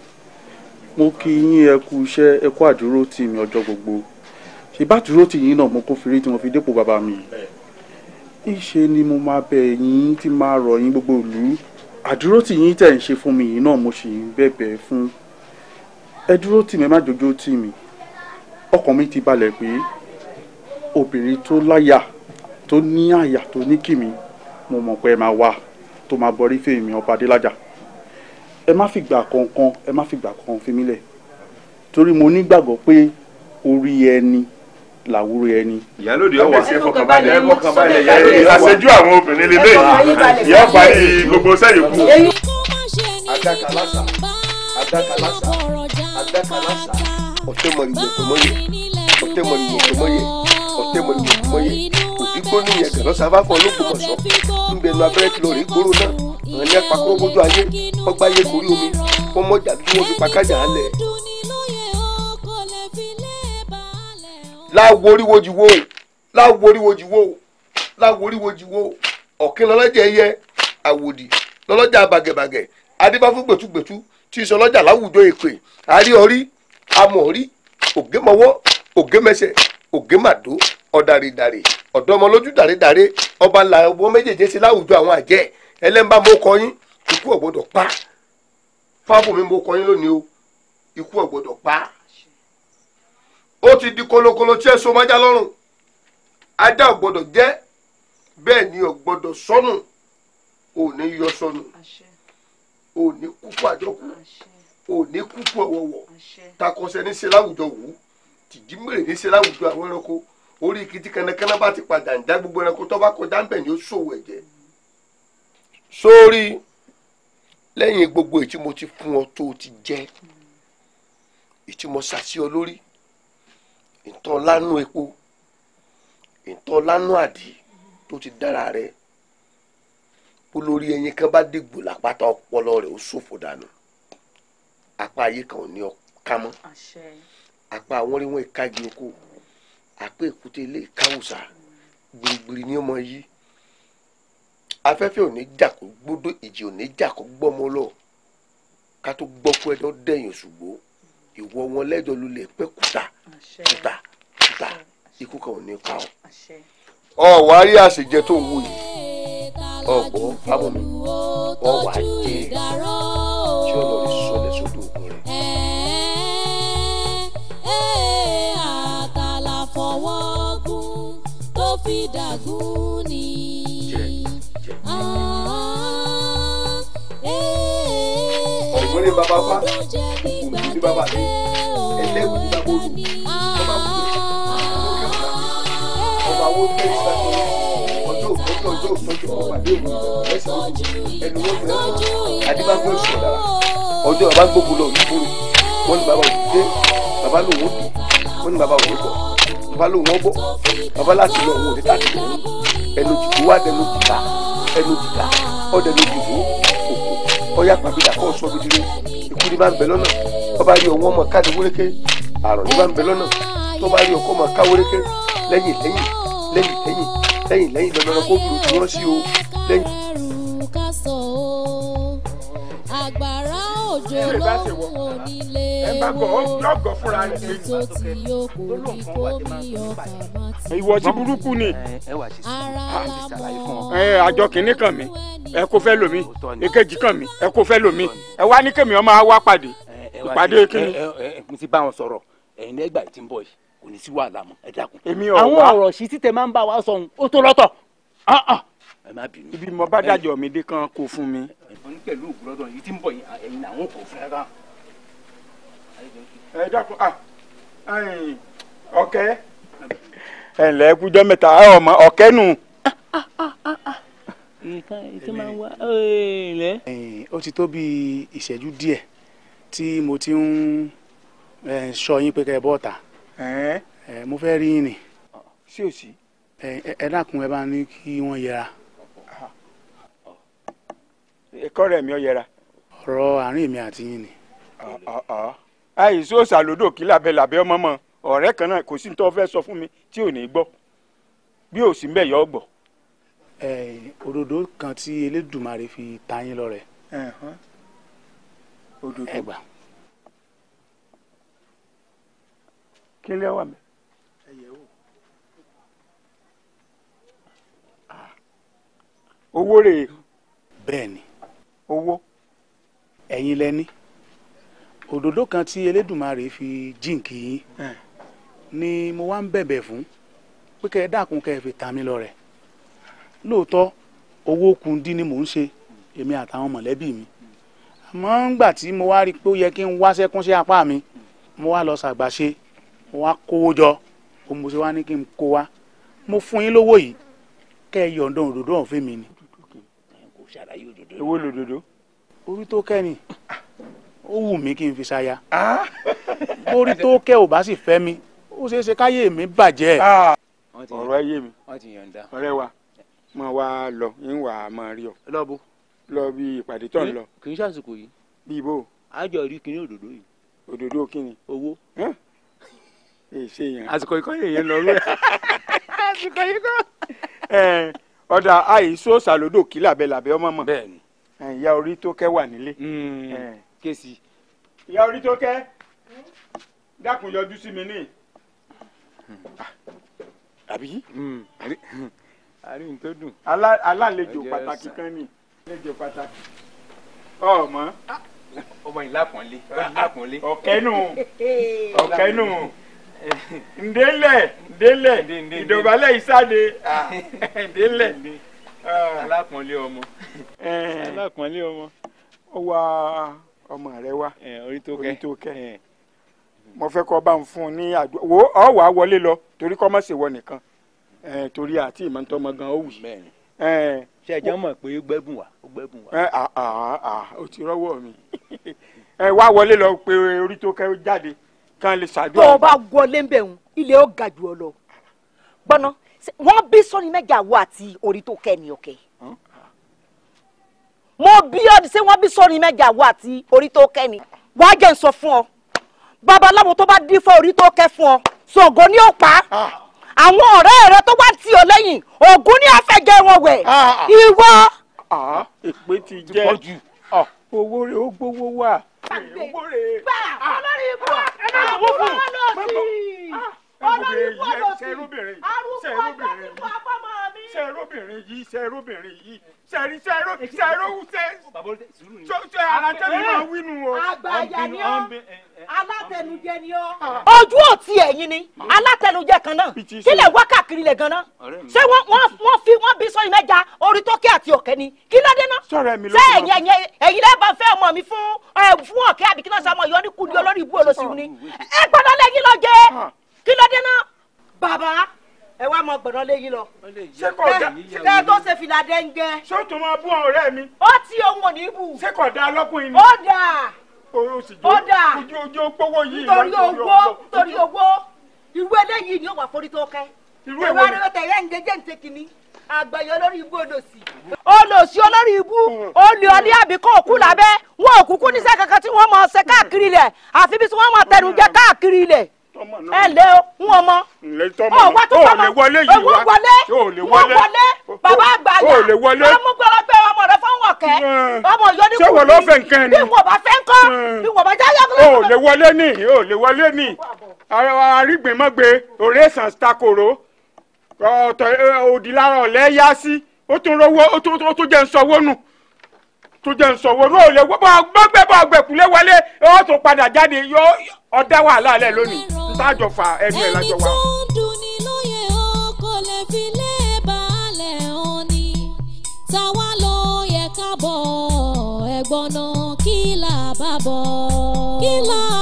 mo kí yín ẹ kú iṣẹ́ ẹ kú àdúró tì mí ọjọ́ gbogbo ṣèbá àdúró tì yín náà mo kó fèrè tí mo fi dépò bàbá mi ìṣe ni mo máa bẹ̀ yín tí máa rọ̀ yín gbogbo ìlú àdúró tì yín tẹ̀ ń ṣe fún mi yìí náà mo sì ń bẹ̀bẹ̀ fún ẹ dúró tì mí má jòjó tì mí ọkàn mi ti balẹ̀ pé obìnrin tó láyà tó ní àyà tó ní kìmí mo mọ̀ pé ẹ máa wá tó máa bọrí fèmí ọba adélájà ẹ má fìgbà kankan ẹ má fìgbà kankan fi mí lẹ̀ torí mo nígbàgbọ́ pé orí ẹni làwúrò ẹni. ìyálòdì ọwọ sí ẹfọkànbalẹ̀ ẹfọkànbalẹ̀ ìlàsẹjú àwọn obìnrin lè léyìí yọọ parí gbogbo sẹ́yìn kù. adakalasa adakalasa kalasa ọtẹ mọri wọ tọmọye ọtẹ mọri wọ tọmọye ọtẹ mọri wọ tọmọye òbí gbóni yẹn gànà sábà wo láwo oríwojì wo láwo oríwojì wo ọ̀kìn lọ́lọ́jà ẹyẹ àwòdì lọ́lọ́jà bàgẹ̀bàgẹ̀ adébáfúgbètúgbètú tí í sọlọ́jà láwùjọ èpè àárí ọrí amọ̀ orí ògémọwọ́ ògémẹsẹ̀ ògémàdó ọ̀dàrèdàrè ọ̀dọ́mọlójú dàrèdàrè ọba ńlá ọgbọ́n méjèèjì sí láwùjọ àwọn àjẹ́ ẹlẹ́nbá mo kọ yín ikú ọ̀gbọ́dọ̀ pa fáfùmí mo kọ yín lónìí o ikú ọ̀gbọ́dọ̀ pa ó ti di kolokolo tí ẹ so májá lọ́rùn ajá ọ̀gbọ́dọ̀ jẹ́ bẹ́ẹ̀ ni ọ̀gbọ́dọ̀ sọnù ò ní yọ sọnù. Àṣẹ òní kúkú àjọkú òní kúkú ọ̀wọ̀wọ̀ takọsẹ ní ṣe láwùjọ wù ú tìdí mèrè ní ṣe láwùjọ àwọn ẹranko orí kìtì kánnakánná bá ti padà ń já gbogbo ẹranko tó bá kọjá ń bẹ̀ ni ó ṣòwò ẹ̀jẹ̀ sórí lẹ́yìn gbogbo èyí tí mo ti fún ọ tó o ti jẹ́ èyí tí mo ṣàṣì ọ lórí ìtọ́ lánú epo ìtọ́ lánú àdí tó ti dára rẹ̀. Mm -hmm olórí ẹyin kan bá dìgbò lápáta ọpọlọ rẹ̀ ó ṣòfò dànù apá ayé kan ò ní ọká mọ́ apá àwọn rí wọn oko àpé èkúté ilé ìkáwùsà gbìrìgbìrì ni ọmọ yìí afẹ́fẹ́ ò ní jà kó gbódò ìjì ò ní jà kó gbọ́mọ lọ ká tó gbọ́ pé ẹjọ́ dẹ̀yìn ṣùgbọ́ ìwọ wọn lẹ́jọ́ lulẹ̀ pé kùtà kùtà kùtà ikú kan ò ní pa ọ́ ọ̀ wá rí àṣejẹ tó wù yìí ọ̀pọ̀ fábọ̀mí wọ́n wà á jẹ́ tí ó lọ rí sọlẹ̀ sódò ògùn rẹ̀. àtàlà fọwọ́ gún tó fi dàgún ni. ọ̀gbọ́n ní bàbá wa kùkù ní bàbá mi ẹlẹ́wù ní bàbá olùkọ́ ọba kùkù ọba wo fẹ́ẹ́ sàkóso kí ọjọ́ òtọ́jú kó pàdé òun ẹsẹ̀ ojú ẹnu wọn fẹ́ adébáfẹ́ oṣù ọ̀dàrà ọjọ́ bàbá gbógun lọ òdúgbòrò wọn ni bàbá òdúgbé bàbá lòun ó dùn wọn ni bàbá òdúgbò bàbá lòun ó bọ̀ bàbá láti lọ òun ò ní láti lọ ẹnu jìbú wá dẹnu jìbá ẹnu jìbá ọdẹ ló jìbú òkú ọyá pàbílà kọ́ sọ bìdìrì ikú ni bá ń bẹ lọ́nà ọba rí ọwọ́ ọmọ káàdì wéréké àrùn ni bá ń bẹ lọ́nà tó bá rí ọkọ́ ọmọ ká wéréké lẹ́yìn lẹ́yìn lẹ́yìn lẹ́yìn lẹ́yìn lẹ́yìn dandan kó burú tí wọ́n sí o lẹ́yìn. agbára ti. burúkú ni ah, àjọ kìnní kan mi ẹ kò fẹ́ lómi èkejì kan mi ẹ kò fẹ́ lómi ẹ wá ní kémi ọmọ wa pàdé ìpàdé kìnní. mo ti bá wọn sọ̀rọ̀ ẹ̀yin ẹgbàá ti ń bọ̀ yìí kò ní sí wàhálà mọ́ ẹ dákun. èmi ò wá àwọn ọ̀rọ̀ sí títẹ̀ máa ń bá wa sọ̀hún ó tó lọ́tọ̀ ah, ah. ẹ má bínú. ibi mo bá dájọ́ mi dé kan kó fún mi. ọ̀nì pẹ̀lú ògùrọ̀dọ̀ yìí ti ń bọ̀ yìí ẹ̀yin kò fẹ́ rán. ẹ dákun ah, ọ̀kẹ́ ẹ̀ ǹlẹ́ kújọ́ mẹ́ta ọmọ ọ̀kẹ́ nù ó ti tó bíi ìṣẹ́jú díẹ̀ tí mo ti ń sọ yín pé kẹ́ ẹ bọ́ ọ̀tà ẹ mo fẹ́ rí yín ni. sí o sí. ẹ dákun ẹ bá ní kí wọ́n yẹra. ẹ̀kọ́ rẹ̀ mi ò yẹra. ọ̀rọ̀ àárín èmi àti yín ni. àìsí òòsà lòdò kí làbẹ́ làbẹ́ ọmọ mọ́ ọ̀rẹ́ kan náà kò sí ní tó fẹ́ sọ fún mi tí ò ní gbọ́ bí ò sí ń bẹ̀ yọ gbọ́. òdòdó kan tí Elédùmarè fi ta yín lọ́rẹ. òdòdó ẹgbàá. kílẹ̀ wà mí. Ah. owó rèé. bẹ́ẹ̀ ni. owó. ẹ̀yin lẹ́ni òdòdó kan tí Elédùmarè fi jíǹkì yín ni mo wá ń bẹ̀bẹ̀ fún pé kẹ́ ẹ dákun kẹ́ ẹ fi tà mí lọ́rẹ lóòótọ́ owó kun dín ni mò ń ṣe èmi àtàwọn mọ̀lẹ́bí mi àmọ́ ńgbà tí mo wá rí i pé ó yẹ kí n wá sẹ́kún apá mi mo wá lọ ṣàgbàṣe mo wá kówó jọ òmùsùn wa ní kí n kó wa mo fún yín lówó yìí kẹ́ ẹ yọ̀ǹda òdòdó ọ̀hún fún mi ni. èwo lòdòdó. orí tó kẹ́ ni ó wù mí kí n fi ṣaya orí ah! tó kẹ́ ò bá sì fẹ́ mi ó ṣeé ṣe káyé mi bàjẹ́. Ah! ọ̀rọ̀ ẹ yé mi ọ̀rẹ́ wa mo wá lọ ń wà á máa rí ọ. lọ́bù. lọ bí ìpàdé tó ń lọ. kì í ṣàsìkò yìí. bí àjọ rí kinní òdòdó yìí. òdòdó kinní. owó èèyàn àsìkò ikọ́ èèyàn lọ rẹ̀ àsìkò ikọ́ ọ̀dà àìsó sàlódò kí làbẹ́làbẹ́ ọmọ mọ̀ ìyá orí tó kẹ́ wà nílé hmm, kéèsì. ìyá orí tó kẹ́ dákun yọjú sí mi ní. àbí hmm. àríyìn tó dùn. alálejò pàtàkì kan ni àlejò pàtàkì ọmọ. Ah, ah. ọmọ ìlàkùnlé ọkẹnu ọkẹnu. ndélẹ̀ ndélẹ̀ ìdọ̀bálẹ̀ ìsáde ndélẹ̀ alápọ̀nlé ọmọ. Eh. alápọ̀nlé ọmọ. ó wá ọmọ rẹ wá eh, orí tó kẹ́ eh. mo fẹ́ kọ́ bá ń fún un ní àdúrà wo ọ wàá wọlé lọ torí kọ́ mọ̀ sí wọ nìkan torí àti ìmọ̀ntọ́mọ gan ó wù ṣe ẹjọ́ mọ̀ pé ó gbẹ́bùn wá ó gbẹ́bùn wá. Ah, ah, ah, ó ti rọ́wọ́ mi ẹ wá wọlé lọ pé orí tó kẹ́ jáde. kan lè ṣàdúrà. tó o bá wọlé ń bẹ̀ ń ilé ó ga jù ọ lọ gbọ́nà wọ́n bí sọ́ni mẹ́jà wo àti orí tó kẹ́ ni ọ̀kẹ́ mo bí ọdún ṣé wọ́n bí sọ́ni mẹ́jà wo àti orí tó kẹ́ ni wàá jẹ́ ń sọ fún ọ babaláwo tó bá dín fún orí tó kẹ́ fún ọ Ṣàngó ni ó pa àwọn ọ̀rẹ́ rẹ tó bá tì ọ lẹ́yìn Ògún ni àfẹ́jẹ́ wọn wẹ̀ ìwọ. èpè ti jẹ́ ah, owó rẹ̀ ó gbowó wà gbàgbé gbà olórí ibú ọlọ́wọ́ lọ sí i olórí fọlọ sí arúgbó ọjọ́ ní fún abọ́mọ mi. sẹ́rọ́bìnrin yìí sẹ́rọ́bìnrin yìí sẹ́rí sẹ́rọ́ sẹ́rọ́wù sẹ́ sẹ́ alájẹ́bí máa wínú o. àgbàyà ni ọ eh, eh, alátẹnujẹ ni ọ. Ah. ojú òtí ẹ̀yin ni alátẹnujẹ kan náà kílẹ̀ wákàkiri lẹ̀ gan náà ṣé wọ́n fi wọ́n bí sọ́yìn mẹ́ja orí tókè àti ọ̀kẹ́ ni kí ló dé náà. sọ̀rọ̀ ẹ̀mí ló sọ̀rọ̀ ẹ̀yin ẹ̀yin ẹ̀yin lẹ́ẹ̀bà fẹ́ ọmọ mi fún fún ọ̀kẹ́ àbí kí lọ́sàmọ̀ yọ ní kudi ah. olórí ibú olóṣù ni ah. ẹ gbọ́dọ̀ lẹ́yìn lọ jẹ́ kí ló dé náà bàbá ẹ wá mọ gbọ̀nà léyìn lọ. ṣé kò dá ṣé tó ṣe fìlà dẹ́ńgẹ́. ṣé o tún máa bú ọ̀rẹ́ mi. ó ti ohun ò ní bù. ṣé kò dá lọ́kùnrin ni. ó dà. o sì jó ojú ojú opówó yìí. nítorí owó nítorí owó ìwé eléyìí ni ó wà forí tó kẹ́. ìlú èwo ni. ìwé tẹ̀yẹ́ ń jẹ́jẹ́ ń tẹ àgbẹ̀yẹ olórí ibú olòsì. olòsì olórí ibú olè mm. ọlẹ́ àbí kó òkú làbẹ́ wọn òkúkú níṣẹ́ kankan tí wọ́n mọ̀ ṣe káàkiri ilẹ̀ àfi bí wọ́n mọ̀ tẹnujẹ káàkiri ilẹ̀ ẹ lé o ń wọn mọ ọ wá tó tọmọ owó wọlé wọn wọlé bàbá àgbàyà amúgbọlọgbẹ ọmọ rẹ fún wọkẹ ọmọ yọdí kùkù bí wọn bá fẹ́ kọ bí wọn bá jáyọ kúrò. o lè wọlé ní o lè wọlé ní arígbìnmọ́gbe òré sàn takoro ọ̀tọ̀ òdì lára ọ̀lẹ́ yá sí ó tún rówó ó tún jẹ́ nsọ̀wọ́ nù tó jẹ́ nsọ̀wọ́ náà lè wọ́ bá gbẹ́gbẹ́ bá gbẹ̀kúlé wọlé ó tún padà jáde yọ ọ̀dá wàhálà lẹ̀ lónìí tájọ fa ẹnu ẹ̀ lájọ wa. o kò lè fi lé baálẹ̀ òní táwa ló yẹ ká kí là bá bọ̀ kí là.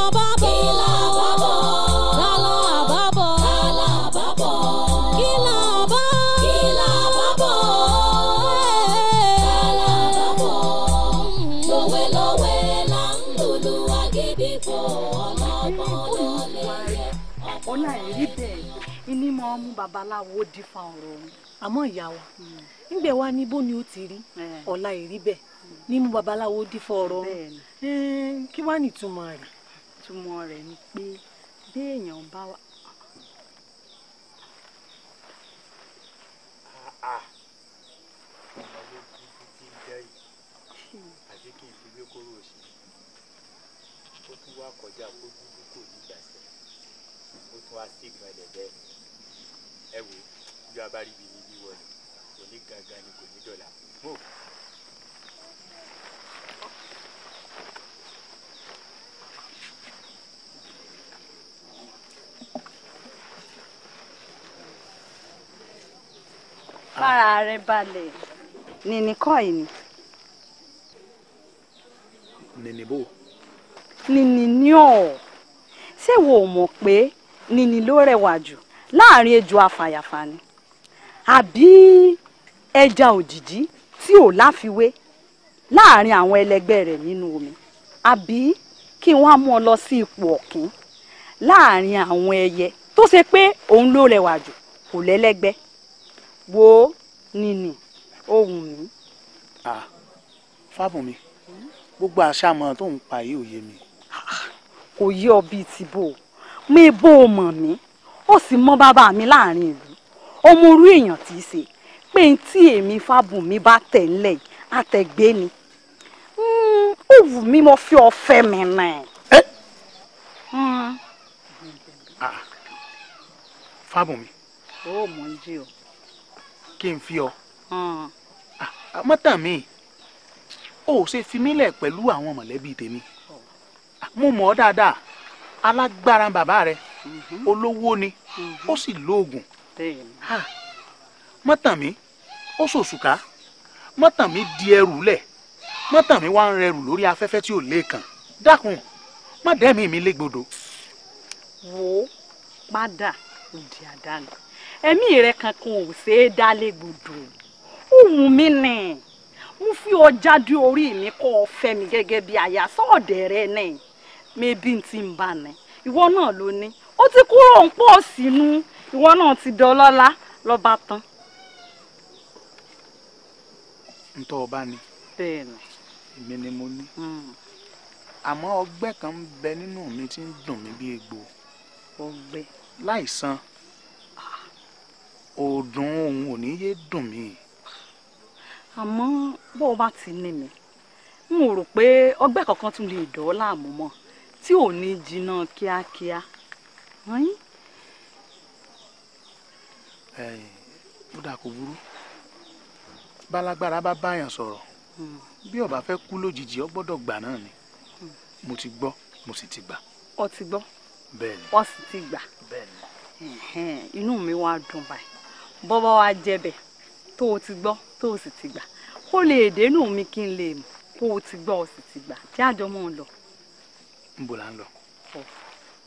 babaláwo dífá ọ̀rọ̀ òun àmọ́ ìyá wa ńgbẹ wa ní bó ni ó ti rí ọ̀la ìrí bẹ́ẹ̀ ní hmm. mú babaláwo kí wàá rẹ̀. ìtumọ̀ rẹ̀ ni pé bí èèyàn bá ẹ wò bí a bá rí ibi níbí wọlé kò ní gangan ni kò ní dọ̀là. fara rẹ balẹ̀ nìní kọ́ ẹ̀ ni. nìní bò. nìní ni ọ̀ ṣé wo mọ̀ pé nìní ló rẹwà jù láàrin ejò afàyàfà ni àbí ẹja òjìjí tí ò láfiwé láàrin àwọn ẹlẹgbẹ́ rẹ̀ nínú omi àbí kí wọ́n á mú ọ lọ sí ipò ọ̀kín láàrin àwọn ẹyẹ tó ṣe pé òun ló rẹwà jù kò lẹ́lẹ́gbẹ́ wo nìní ohun mi. ah fábùnmi gbogbo àṣàmọ tó ń pa yìí ò yé mi. kò yé ọ bíi tìbò mi bó mọ̀ mí ó sì mọ bàbá mi láàrin ìlú ọmọ orú èèyàn tí í ṣe pé tí èmi fábùnmi bá tẹ̀ ńlẹ̀ àtẹ̀gbé ni hmm, ó wù mí mo fi ọ̀fẹ́ mi nà ẹ́. Hmm. fábùnmi. ó mọ̀ ń jí o. kí n fi ọ. Hmm. mọ́tà mi ò ṣe fi mí lẹ̀ pẹ̀lú àwọn mọ̀lẹ́bí tèmi mo mọ̀ ọ́ dáadáa alágbára bàbá rẹ̀. Mm-hmm. olówó ni mm-hmm. ó sì lóògùn mọ́tàmí ó sòṣùká mọ́tàmí di ẹrù lẹ̀ mọ́tàmí wá ń rẹrù lórí afẹ́fẹ́ tí ò léèkàn dákun má dẹ́mi mi légbodò. wo padà òdì àdánù ẹ̀mí rẹ kankan ò ṣeé dá légbodò ó wù mí nì mo fi ọjà dé orí mi kọ́ ọ fẹ́ mi gẹ́gẹ́ bí aya sọ́ọ̀dẹ̀ rẹ nì mẹ́bí ti ń bà ní ìwọ náà ló ní ó ti kúrò ń pọ̀ sínú ìwọ náà ti dọlọ́lá lọ́ba tán. ntọ́ ọba ni èmi ni mo ní hmm. àmọ́ ọgbẹ́ kan ń bẹ nínú mi tí ń dùn mí bí egbò ọgbẹ́ láìsan òòdùn òun ò ní yé dùn mí. àmọ́ bó o bá ti ní mi n ò rò pé ọgbẹ́ kankan tún lè dọ̀ ọ́ láàmú mọ́ tí ò ní jiná kíákíá wọ́n. ó dà kó burú bálágbára bá báyàn sọ̀rọ̀ hmm. bí ọba fẹ́ kú lójijì ọ gbọ́dọ̀ gbà náà ni hmm. mo ti gbọ́ mo sì ti gbà. ọ ti gbọ́ ọ sì ti gbà inú mi wá dùn báyìí bọ́bá wa jẹbẹ̀ tó o ti gbọ́ tó o sì ti gbà kó lè dénú mi kí n lè mọ̀ kó o ti gbọ́ o sì ti gbà jájọ́ mọ́ ọ lọ. ń bò là ń lọ.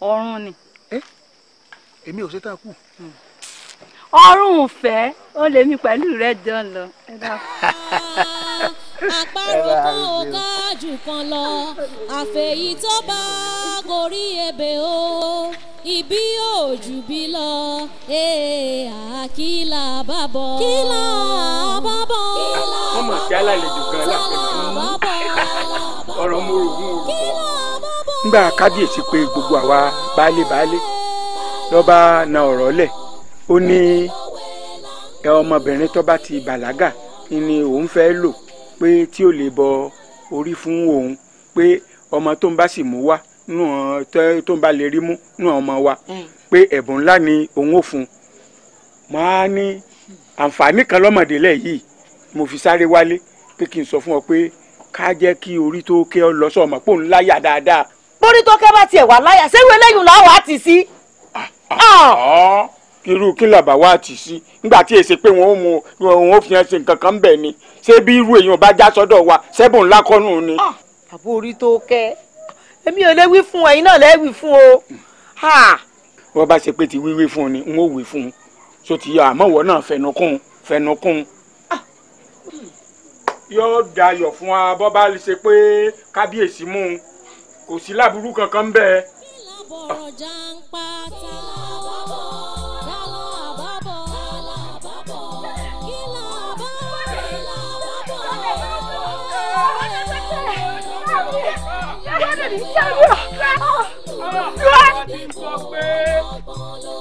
ọ̀run ni. Eh? èmi ò ṣetán kù. ọrùn ìfẹ́ ó lè mi pẹ̀lú rẹ̀ jọ lọ. àparò kan ká jù kan lọ àfẹ̀yí tó bá gorí ebè o ibi yóò jù bí lọ àkìlà bàbọ̀. kìlà bàbọ̀. wọ́n mọ̀ sí alálejò gan-an láti fún un ọ̀rọ̀ mo rògùn ńgbà kábíyèsí pé gbogbo àwa baálé baálé lọ́ba na ọ̀rọ̀ lẹ̀ ó ní ọmọbìnrin tó bá ti bàlágà ni òun fẹ́ lò pé tí ò lè bọ orí fún òun pé ọmọ tó ń bá sì mú wá tó ń bá lè rí mú nù ọmọ wa mm. pé ẹ̀bùn ńlá ni òun ò fún un màá ní àǹfààní kan lọ́mọdélẹ̀ yìí mo fi sáré wálé pé kí n sọ fún ọ pé ká jẹ́ kí orí tó ké ọ lọ sọ ọmọ pòun láyà dáadáa bórí tó kẹ́ bá tiẹ̀ wà láyà ṣé ìwé lẹ́yìn là wà á ti sí. Ah, ah. Ah, irú kí làbà wà á ti sí nígbà tí èsì pé wọn ò mú wọn ò fi hàn sí nǹkan kan bẹ̀ ni ṣé bí irú èèyàn bá já sọ́dọ̀ wa sẹ́bùn ńlá kọ́nù ni. àbó orí tó kẹ́ èmi ò léwí fún ẹ̀yin náà léwí fún o. wọ́n bá ṣe pé ti wíwí fún ni n ó wí fún un so ti yọ àmọ́ wọ́n náà fẹnukún fẹnukún yóò dayọ̀ fún wa bọ́ bá ṣe pé kábíyèsí mú un kò sí láburú kankan ń bẹ.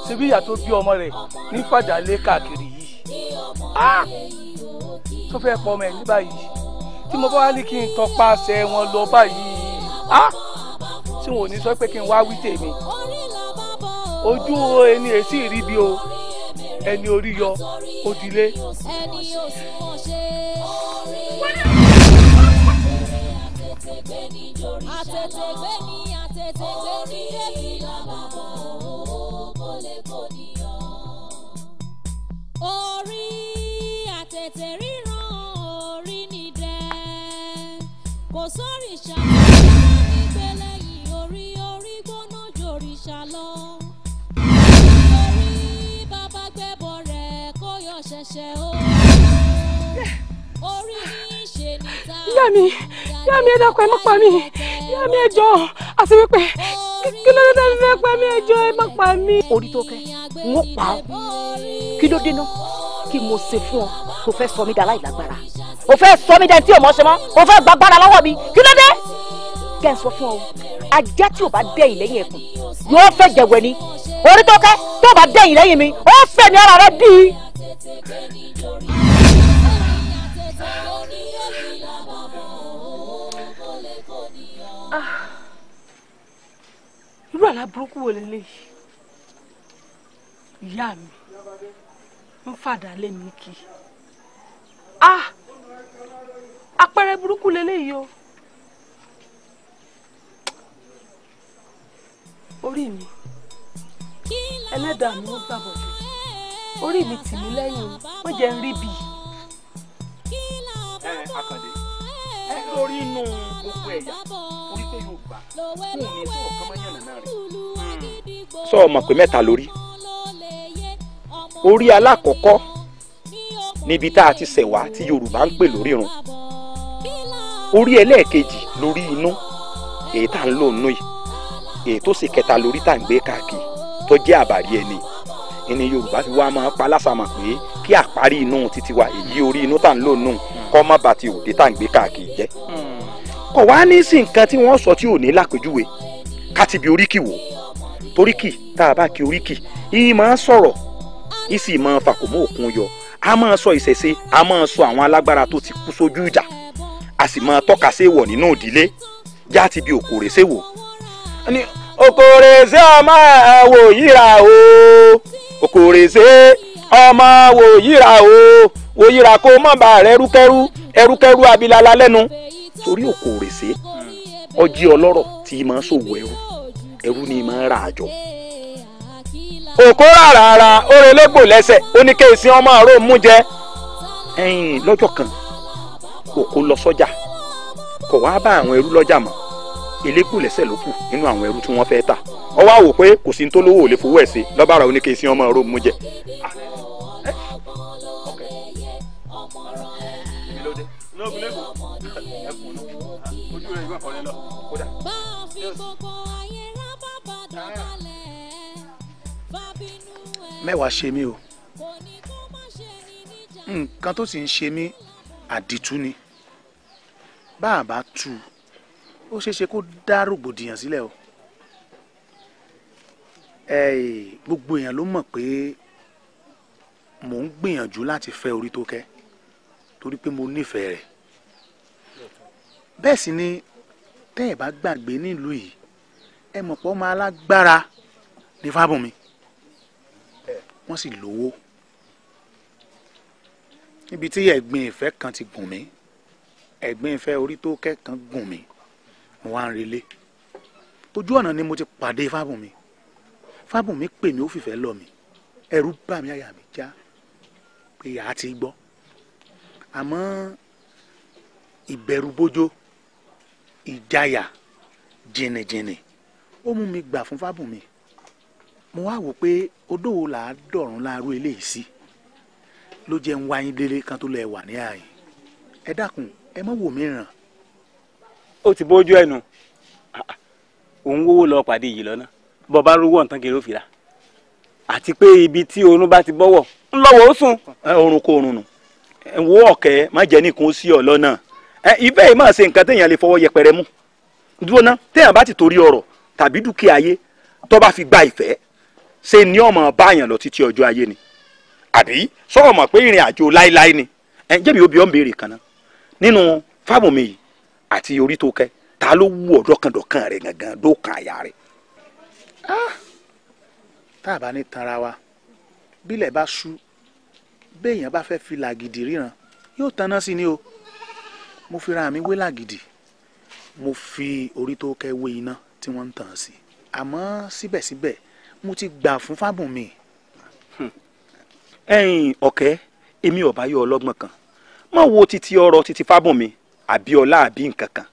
ṣebí ìyá tó bí ọmọ rẹ̀ ní fàjálé káàkiri yìí tó fẹ́ pọ̀ ọmọ ẹ̀ ní báyìí tí mo bá wá ní kí n tọpasẹ̀ wọn lọ báyìí tí wọn ò ní sọ pé kí n wá wí tèmi ojú ẹni èsì ìríbi o ẹni orí yọ òdìlé. orí àtẹ̀tẹ̀ ríran orí ni kò sórí ṣáà. ṣá lọ. orí bàbá gbẹ́bọ̀ rẹ̀ kó yọ ṣẹ̀ṣẹ̀ o. orí ṣe ní ta. ìyá mi ìyá mi ẹ dákun ẹ má pa mí ìyá mi ẹ jọ àti wípé kí ló dé tá fi fẹ́ pa mí ẹ jọ má pa mí. orí tó fẹ́ n ó pa ọ́ kí ló dé kí mo ṣe fún ọ tó fẹ́ sọ mí dá láì lágbára o fẹ́ sọ mí dá tí o mọ̀ ṣe mọ́ o fẹ́ gbàgbára lọ́wọ́ mi kí ló dé jẹ́ ń sọ fún ọ ajá tí o bá dẹ̀yìn lẹ́yìn ẹkùn yóò fẹ́ jẹ̀wẹ̀ ni orí tó bá dẹ̀yìn lẹ́yìn mi ó fẹ́ ní ara rẹ bíi. Ah, irú àlá wo leléyìí ìyá mi ń fàdà lé kì í apẹrẹ ah, burúkú leléyìí o. orí mi ẹlẹ́dàá mi wọ́n gbàbọ̀ dé orí mi tì mí lẹ́yìn wọ́n jẹ́ ń rí bì í. ẹ akande ẹ lórí inú gbogbo ẹ̀yà orí pé yóò gbà fún mi fún ọ̀kan mọ́ yànnà náà rẹ̀. sọ ọmọ pé mẹ́ta lórí orí alákọ̀ọ́kọ́ níbi tá a ti ṣẹ̀wá tí yorùbá ń pè lórí irun orí ẹlẹ́ẹ̀kejì lórí inú èyí tá à ń lò nù yìí èyí tó ṣe kẹta lórí tá à ń gbé káàkiri tó jẹ́ àbàrí ẹni ìní yorùbá fi wá máa pa lásàmà pé kí àparí inú títí wa èyí orí inú tá à ń lò nù kọ́ má ba ti òde tá à ń gbé káàkiri jẹ́ kọ̀ wá ní sí nǹkan tí wọ́n sọ tí ò ní lápèjúwe ká ti bi oríkì wò toríkì tá a bá ki oríkì ìyí máa ń sọ̀rọ̀ ìyí sì máa fàkómọ́ òkun yọ a máa sọ ìṣẹ̀ṣe a máa sọ àwọn alágbára tó ti kú sójú ìjà a sì máa tọ́ka séwọ̀ nínú òdílé já ti bi òkòrè séwọ̀ ni okòrèsé ọmọ àwò yíra o okòrèsé ọmọ àwò yíra o wò yíra kó má bà rẹ ẹrúkẹrú ẹrúkẹrú abilala lẹ́nu torí okòrèsé ọjí hmm. ọlọ́rọ̀ tí máa ṣòwò ẹrú ẹrú ni máa ra àjọ òkó ràràrà òrèlégbò lẹ́sẹ̀ oníkèésí ọmọ àrò mú jẹ ẹ̀yìn lọ́jọ́ kan òkó lọ sọ́jà kò wá bá àwọn ẹrú lọ́jà mọ́ elékù lẹ́sẹ̀ ló kù nínú àwọn ẹrú tí wọ́n fẹ́ tà ọ wá wò pé kò sí ní tó ò lè fowó ẹ̀ sí lọ́bàrà oníkèésí ọmọ ọ̀rọ̀ mú jẹ. mẹ́wàá ṣe mí o nǹkan tó sì ń ṣe mí àdìtú ni bá a bá tú ó ṣeé ṣe kó dá rògbòdìyàn sílẹ̀ o gbogbo èèyàn ló mọ̀ pé mò ń gbìyànjú láti fẹ́ orí tó kẹ́ torí pé mo nífẹ̀ẹ́ rẹ̀ bẹ́ẹ̀ sì ni tẹ́ ẹ̀ bá gbàgbé nílùú yìí ẹ mọ̀ pé ọmọ alágbára ní fábùnmi wọ́n sì lówó níbi tí ẹ̀gbin ìfẹ́ kan ti gùn mí ẹ̀gbin ìfẹ́ orí tó kẹ́ kan gùn mí mo wá ń relé ojú ọ̀nà ni mo ti pàdé fábùnmi fábùnmi pè mí ó fìfẹ́ lọ mi ẹ̀rù bà mí àyà mi já pé àá ti gbọ́ àmọ́ ìbẹ̀rù bójó ìjáyà jìnnìjìnnì ó mú mi gbà fún fábùnmi mo wá wò pé odò wo là á dọ̀rùn láàárọ̀ eléyìí sí ló jẹ́ ń wáyé délé kan tó lọ ẹ̀ wà ní ààyè ẹ dákun ẹ má wò mí ràn ó ti bójú ẹ̀ nù òun wówó lọ pàdé yìí lọ́nà bọ́ bá rówó ọ̀tán kiri ó fi ra àti pé ibi tí oorun bá ti bọ́wọ̀ ńlọ́wọ́ ó sùn. oorun kò oorun nù wo ọ̀kẹ́ má jẹ́ nìkan sí ọ lọ́nà ibẹ̀ yìí máa ṣe nǹkan téèyàn lè fọwọ́ yẹpẹrẹ mú dúró ná téèyàn bá ti torí ọ̀rọ̀ tàbí dúkìá ayé tó bá fi gba ìfẹ́ ṣe ní ọmọ báyàn lọ títí ọjọ́ ayé ni àbí sọ̀rọ̀ mọ̀ pé ìrìn àjò láéláé ni ẹ̀ jẹ́bi obì ń béèrè kan ná nínú fáàmù mi yìí àti orí tó kẹ ta ló wú ọ̀dọ́kàndọ̀kàn rẹ gangan dókan àyà rẹ. Ah! tá a bá ní tanra wa bílẹ̀ bá sú béèyàn bá fẹ́ fi làgìdì ríran yóò tanná sí ni o mo fi ra mi wé làgìdì mo fi orí tó kẹ wé iná tí wọ́n ń tàn sí àmọ́ síbẹ̀síbẹ̀ mo ti gbà fún Fábùnmi. Hmm. ẹ̀yin ọ̀kẹ́ èmi ò bá yọ ọlọ́gbọ́n kan mọ̀ wo títí ọ̀rọ̀ títí Fábùnmi Abiola ọlá àbí nǹkan kan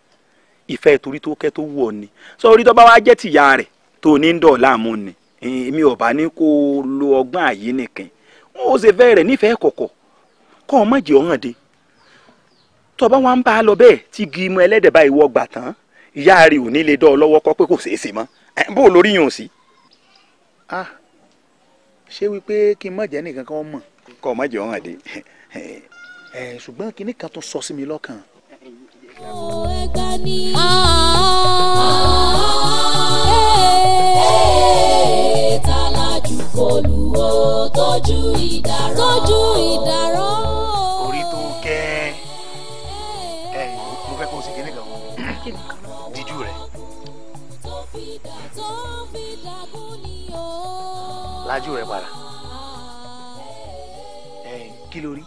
ìfẹ́ torí tó kẹ́ tó wù ọ ni sọ orí tó bá wá jẹ́ tìyá rẹ̀ tó ní ń dọ̀ láàmú ni èmi ọ̀bá ní kó lo ọgbọ́n àyè nìkan wọn ò ṣe fẹ́ rẹ̀ nífẹ̀ẹ́ kọ̀kọ̀ kọ́ ọ mọ̀jẹ̀ ọ̀hàn de tọba wa ń bá a lọ bẹ́ẹ̀ tí igi imú ẹlẹ́dẹ̀ bá ìwọ gbà tán ìyá rẹ̀ ò ní lè dọ́ lọ́wọ́ kọ́ pé kò ṣeé ṣe mọ́ bó lórí yàn sí. Ah, ṣé wípé kí n mọ̀jẹ̀ nìkan kan mọ̀. kọ́ ọ mọ̀jẹ̀ ọ̀hàn tójú ìdàrọ́. tójú ìdàrọ́. orí tó kẹ́ ẹ mo fẹ́ kó o sì kéde gan díjú rẹ̀. lájú rẹ̀ padà kí ló rí.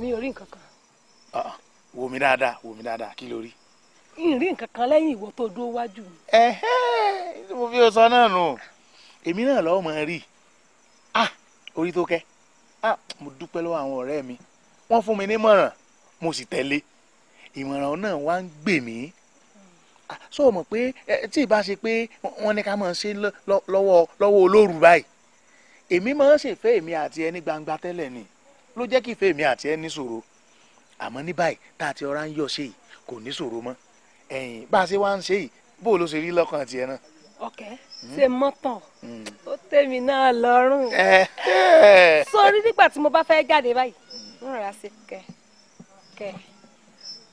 mi ò rí nǹkan kan wò mí dáadáa wò mí dáadáa kí ló rí. ìrìn kankan lẹ́yìn ìwọ tó dúró wájú mi. ẹ̀hẹ́ mo fi sọ náà nù èmi náà lọ́wọ́ mọ̀ ẹ́ rí ah orí tó kẹ́ ah mo dúpẹ́ lọ́wọ́ àwọn ọ̀rẹ́ mi wọ́n fún mi nímọ̀ràn mo sì tẹ̀lé ìmọ̀ràn náà wá ń gbè mí so mọ̀ pé tí ìbá ṣe pé wọ́n ní ká máa ṣe lọ́wọ́ lọ́wọ́ olóòrù báyìí èmi máa ń ṣèfẹ́ èmi àti ẹni gbangba tẹ́lẹ̀ ni ló jẹ́ kí ìfẹ́ èmi àti ẹni ṣòro àmọ́ ní báyìí tá a ti ọ̀rá ń yọ ṣe yìí kò ní ṣòro mọ́ ẹ̀yìn bá a ṣe wá ń ṣe yìí bó o ló ṣe rí lọ́kàn tiẹ̀ náà. ọ̀kẹ́ hmm. ṣe mọ́tàn hmm. ó tèmi náà lọ́rùn sórí nígbà tí mo bá fẹ́ jáde báyìí ń rà sí kẹ kẹ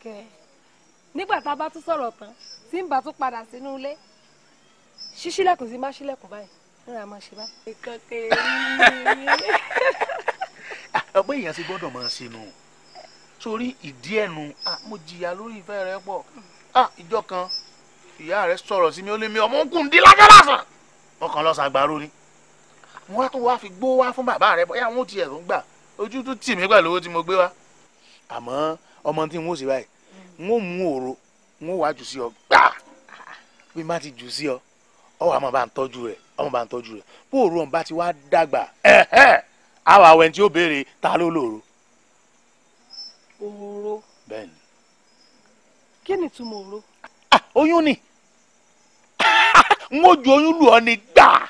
kẹ nígbà tá a bá tún sọ̀rọ̀ tán tí ń bá tún padà sínú ilé ṣíṣílẹ̀kùn sí má ṣílẹ̀kùn báyìí ń rà máa ṣe báyìí. Ah, ọgbẹ́ èèyàn ti gbọ́dọ̀ máa ṣe nù sórí ìdí ah mo jìyà lórí ìfẹ́ rẹ pọ̀ ìjọ kan ìyá rẹ sọ̀rọ̀ sí mi ó lé mi ọmọ òkú ndí lájọ́ lásán wọn kàn lọ sàgbàrú ni mo wá tó wá fi gbó wá fún bàbá rẹ bóyá wọn ò tiẹ̀ tó ń gbà ojú tó tì mí pẹ̀lú owó tí mo gbé wá àmọ́ ọmọ tí n ó sì báyìí n ó mú òro n ó wá jù sí ọ gbà bí má ti jù sí ọ ọ wà má tọ́jú rẹ ọmọ bá tọ́jú rẹ bó òru ọ̀n bá ti wá dàgbà ẹ̀hẹ́ àwọn àwẹ̀ tí ó béèrè ta ló lòrò òró. bẹ́ẹ̀ni. kí ni túmọ̀ òró. Ah, oyún ni n ó ju oyún lù ọ ni gbà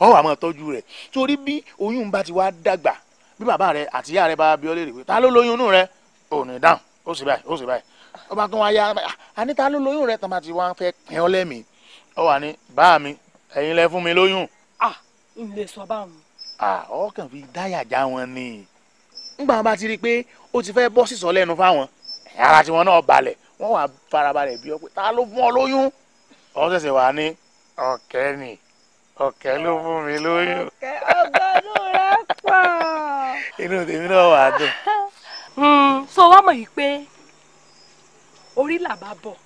ọ wà máa tọ́jú rẹ̀ torí bí oyún bá ti wá dàgbà bí bàbá rẹ àti ìyá rẹ bá bí ọ lè rí pé ta ló lóyún inú rẹ ò ní dáhùn ó sì báyìí ó sì báyìí ọba tó wá yá àní ta ló lóyún rẹ tán ti wá fẹ́ pín ọ lẹ́mìí ọ wà ní bá mi ẹ̀yin lẹ fún mi lóyún. Ah, n lè sọ báwọn. a ah, ọkàn fi dáyà já wọn ni ngbà wọn bá ti rí i pé ó ti fẹ́ bọ́ sísọ lẹ́nu fáwọn ara tiwọn náà balẹ̀ wọ́n wà farabalẹ̀ bí ọ pé ta ló fún ọ lóyún ọ ṣẹ̀ṣẹ̀ wà ní ọ̀kẹ́ ni ọ̀kẹ́ ló fún mi lóyún. ọ̀kẹ́ ọgọ́dún rẹ pọ̀. inú tèmi náà wà á dùn. Hmm, so wá mọ̀ yìí pé orí làbá bọ̀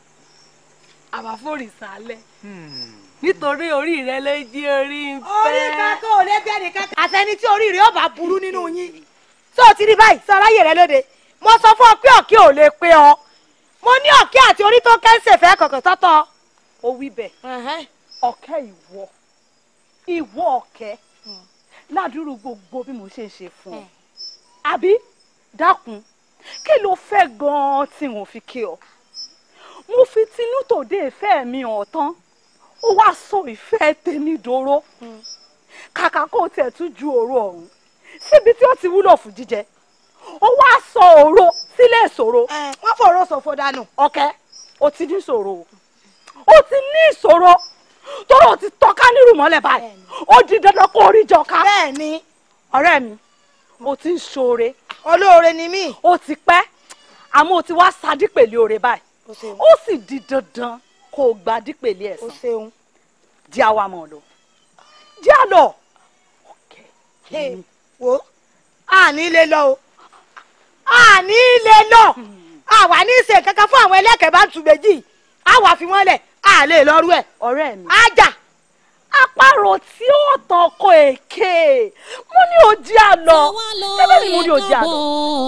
àbáfórì sálẹ̀ hmm. nítorí orí rẹ ló jí orí ń fẹ́. orí kankan ò lè bẹ́ẹ̀ nìkan. àtẹni tí orí rẹ ọba burú nínú yín tó o ti rí báyìí sọ aráyè rẹ lóde mo sọ fún ọ pé ọ̀kẹ́ ò lè pe ọ mo ní ọ̀kẹ́ àti orí tó kẹ́sẹ̀ fẹ́ kọ̀kọ̀ tọ́tọ̀ o wí bẹ̀ ọ̀kẹ́ ìwọ ìwọ ọ̀kẹ́ hmm. ládùúrú gbogbo bí mo ṣe ṣe fún ọ eh. àbí dákun kí ló fẹ́ gan-an tí wọ́n fi kí ọ mo fi tinútòde ìfẹ́ mi ọ̀tán ó wá sọ ìfẹ́ tèmi dòró hmm. kàkà kó tẹ̀ tún ju òru ọ̀hún síbi tí ó ti wúlò fún jíjẹ ó wá sọ òro sílé ìṣòro. wọ́n fọ̀rọ̀ sọ̀fọ̀ dànù. ọ̀kẹ́ o ti ní ìṣòro o ti ní ìṣòro tọrọ ti tọ́ka nírú mọ́lẹ̀ báyìí ó di dandan kó orí jọ ká. bẹ́ẹ̀ni ọ̀rẹ́ mi o ti ń ṣoore. olóore ni mí. o ti pẹ́ àmọ́ o ti wá sadí pèlè oore báyìí ó sì di dandan kó o gba dípèlè ẹ̀sán. o ṣeun. di àwa mọ̀ lọ. di àlọ́. ọ̀kẹ́ wo àní lè lọ o àní lè lọ àwa ní í ṣe kankan fún àwọn ẹlẹ́kẹ̀ẹ́ bá ń tu méjì àwa fi wọ́n lẹ̀ à lè lọ́rú ẹ̀ ọ̀rẹ́ mi ajá apárò tí ó tàn kọ èké mo ní òjì àná ṣẹlẹ ni mo ní òjì àná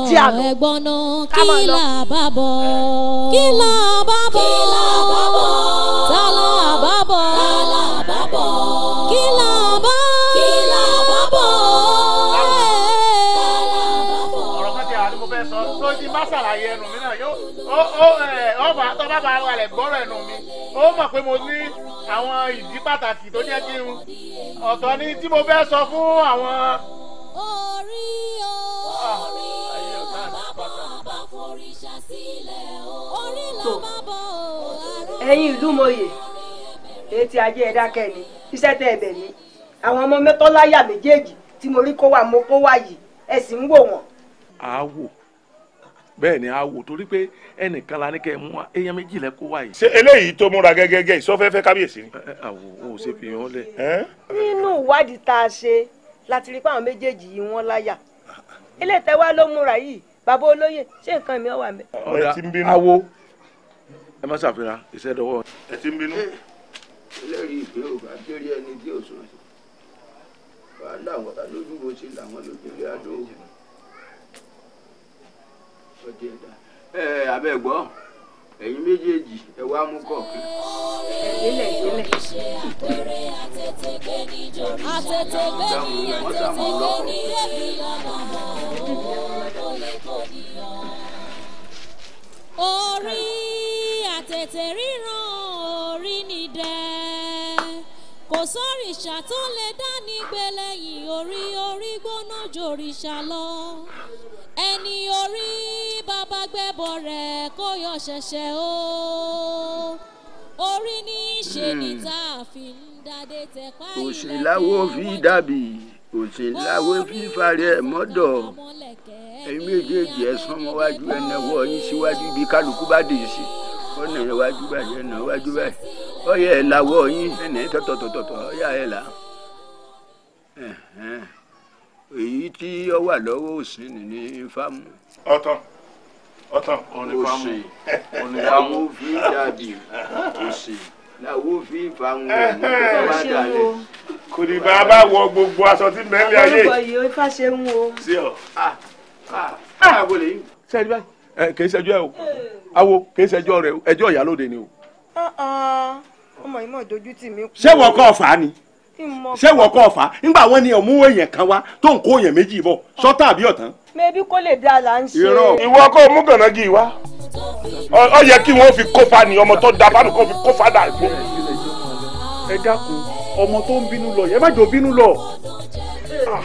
jí àná ká máa lọ. kí là bá bọ̀ kí là bá bọ̀ tá ọba àtọ́ba eh, bá ara rẹ̀ gbọ́rọ̀ ẹnu mi ó mọ̀ pé mo ní àwọn ìdí pàtàkì tó jẹ́ kí n ọ̀tọ̀ ni tí mo fẹ́ sọ fún àwọn. orí orí bàbá bàbá foríṣà sílẹ̀ orí là bàbá ọ̀rọ̀. ẹ̀yin ìlú mòye etí ajé ẹ dákẹ́ ni tẹ ẹ̀bẹ̀ ni àwọn ọmọ mẹ́tọ́láyà méjèèjì tí mo rí kó wà mo kó wà yìí ẹ sì ń wò wọ́n. àá wò bẹ́ẹ̀ ni a wò torí pé ẹnìkan la ní kẹ́ ẹ mú wa èèyàn méjì lẹ kó wá yìí. ṣé eléyìí tó múra gẹ́gẹ́gẹ́ ìsọfẹ́fẹ́ kábíyèsí ni. àwò ò ṣe fi hàn lẹ. nínú ìwádìí tá a ṣe láti rí i pé àwọn méjèèjì yìí wọ́n láyà eléyìí tẹ́ wá ló múra yìí bàbá olóyè ṣé nǹkan mi ò wà mẹ́. ọ̀dà awo ẹ má ṣàfihàn iṣẹ́ dọwọ́. ẹ ti ń bínú. Eh, ẹlẹ́rìí ìpín ògbà kéré ẹni tí ò sùn sí wàhálà ọdẹ ẹ̀dá ẹ abẹ́ gbọ́ ẹ̀yin méjèèjì ẹ wá mú kọ̀ọ̀kan. ìdílé ìdílé. wọ́n sàmú lọ́kọ̀ọ̀kan. orí àtẹ̀tẹ̀ ríran orí ni dẹ́ kò sóríṣà tó lè dání gbé lẹ́yìn orí orí gbóná jòrìṣà lọ ẹni orí bàbá gbẹ́bọ rẹ̀ kó yọ ṣẹ̀ṣẹ̀ o orí ní í ṣe ní hmm. tá a fi ń dádé tẹ páyì lẹ́yìn òṣèláwó fi dàbí òṣèláwó fi fari mọ́dọ̀ ẹ̀yin méjèèjì ẹ̀ sọ́mọ wájú ẹ̀ náwó ọyún síwájú bí kálukú bá dé sí ọ̀nà ẹ̀ wájú báyìí ẹ̀ náà wájú báyìí ọyẹ ẹ làwọ yín ẹnẹ tọtọtọtọ ọyà ẹ là èyí tí ó wà lọ́wọ́ òsì ní fámù. ọtọ ọtọ òsì làwọ fi dàbí òsì làwọ fi fámù ọmọ tó bá dàlẹ. kò ní bá a bá wọ gbogbo aṣọ tí mẹ́lẹ́ ayé. àwọn ọkọ yìí ó fà ṣe ń wo. sí ọ ah, ah, ah, àwo lè yín. sẹ́ẹ̀dí báyìí kì í ṣẹjọ́ ẹ o eh. awo kì í ṣẹjọ́ rẹ ẹjọ́ de ni o. Uh-uh ọmọ yìí mọ̀ dojú tì mí. ṣé wọ́n kọ́ ọ̀fà ni ṣé wọ́n kọ́ ọ̀fà nígbà wọn ni ọ̀mú èèyàn kan wá tó ń kó èèyàn méjì bọ̀ sọ́tà àbí ọ̀tán. mẹ́bí kó lè dá là ń ṣe. ìwọ kọ́ mú gànàgì wá ọ yẹ kí wọ́n fi kó fa ni ọmọ tó da fáànù kó fi kó fa dà gbó. ẹ dákun ọmọ tó ń bínú lọ yẹ má jò bínú lọ ah,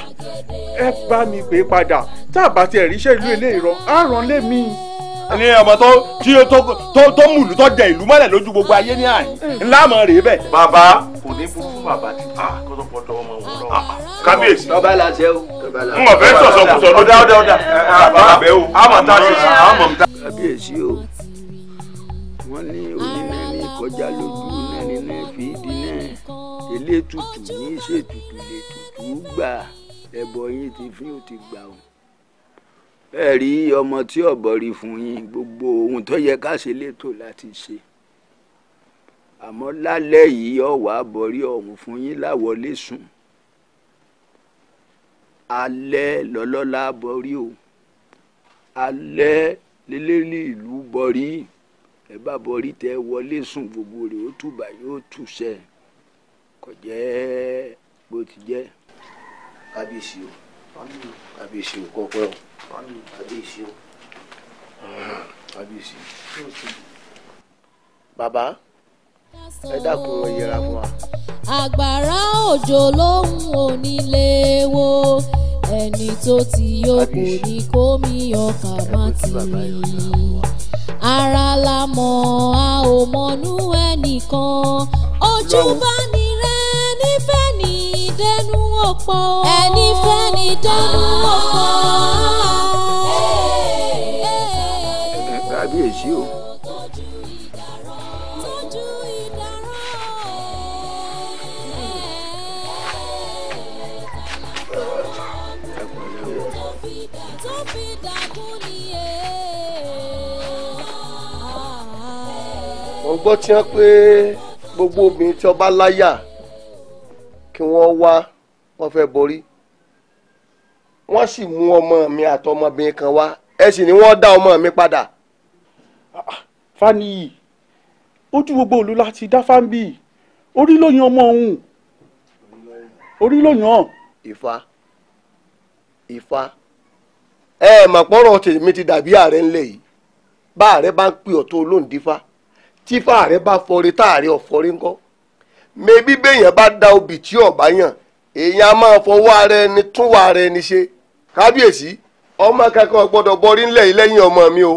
ẹ bá mi pè é padà tá a bá tiẹ̀ ríṣẹ́ ìlú eléyìí rọ á rán lé mi ní ọmọ tó tí tó tó mùlù tó jẹ ìlú mọ́lẹ̀ lójú gbogbo ayé ní àyè ńlá rèé bẹ̀. bàbá kò ní burú fún bàbá tí a ah, kò tó pọ̀ dọ́wọ́ mọ́ wọn lọ. Ah, ah. kábíyèsí. tọ́ba la ṣe o. n ò fẹ́ sọ̀sọ̀ kù sọ̀rọ̀ ọ̀dà ọ̀dà ọ̀dà bàbá o. àmọ̀ tá a ṣe àmọ̀ tá. kábíyèsí o wọ́n ní onínẹ́ni náà ní í ṣètùtù lè tùtù gbà ẹ̀bọ̀ ẹ rí ọmọ tí ọ̀bọ̀ rí fún yín gbogbo ohun tó yẹ ká ṣe létò láti ṣe àmọ́ lálẹ́ yìí ọ̀wà àbọ̀rí ọ̀hún fún yín láwọlé sùn alẹ́ lọ́lọ́lá bọ̀rí o alẹ́ lélẹ́lẹ́ ìlú bọ̀rí ẹ bá bọ̀rí tẹ wọlé sùn gbogbo rẹ̀ ó tùbà yóò tùṣẹ́ kò jẹ́ bó ti jẹ́ kábíyèsí o kábíyèsí o kọ́pẹ́ o kábíyèsí o. kábíyèsí. bàbá ẹ dákun ẹ yẹra fún wa. àgbàrá òjò lóhùn onílé wo ẹni tó ti yó ní kó ọkà má ti rí ara la mọ̀ a ò mọ̀nú ẹnìkan ojú bá ní òpó. ẹni fẹ́ ni dánú òpó. kábíyèsí o. mo gbọ́ tí wọ́n pé gbogbo obìnrin tí ọba láyà kí wọ́n wá. Wa wọ́n fẹ́ borí wọ́n sì mú ọmọ mi àtọmọbìnrin kan wá ẹ sì ni wọ́n dá ọmọ mi padà. Ah, ah, fani ojú gbogbo òlu láti dá fáńbì orí ló yan ọmọ òun orí ló yan. ìfà ìfà ẹ mọ̀ pọ́nrọ̀ tèmi ti dàbí ààrẹ ńlẹ̀ yìí bá ààrẹ bá ń pè ọ́ tó lóǹdífà tífà ààrẹ bá fọre táàrẹ ọ̀fọ́rí ńkọ́ mẹ́bí bẹ́yẹn bá da obì tí ọ̀bá yàn èèyàn a máa fọwọ́ ara ẹni túnwọ́ ara ẹni ṣe kábíyèsí ọmọ kankan gbọ́dọ̀ bọrí ńlẹ̀ yìí lẹ́yìn ọmọ mi o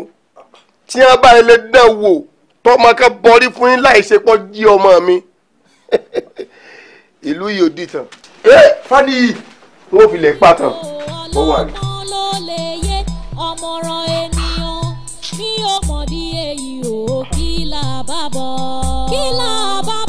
tí wọ́n bá ilé dán wò tọmọ kan bọrí fún yín láì ṣe pọ́ jí ọmọ mi ìlú yìí ò dìtàn ẹ fani yìí wọn ò fi lè pàtàn ó wà ní. o kí là kí là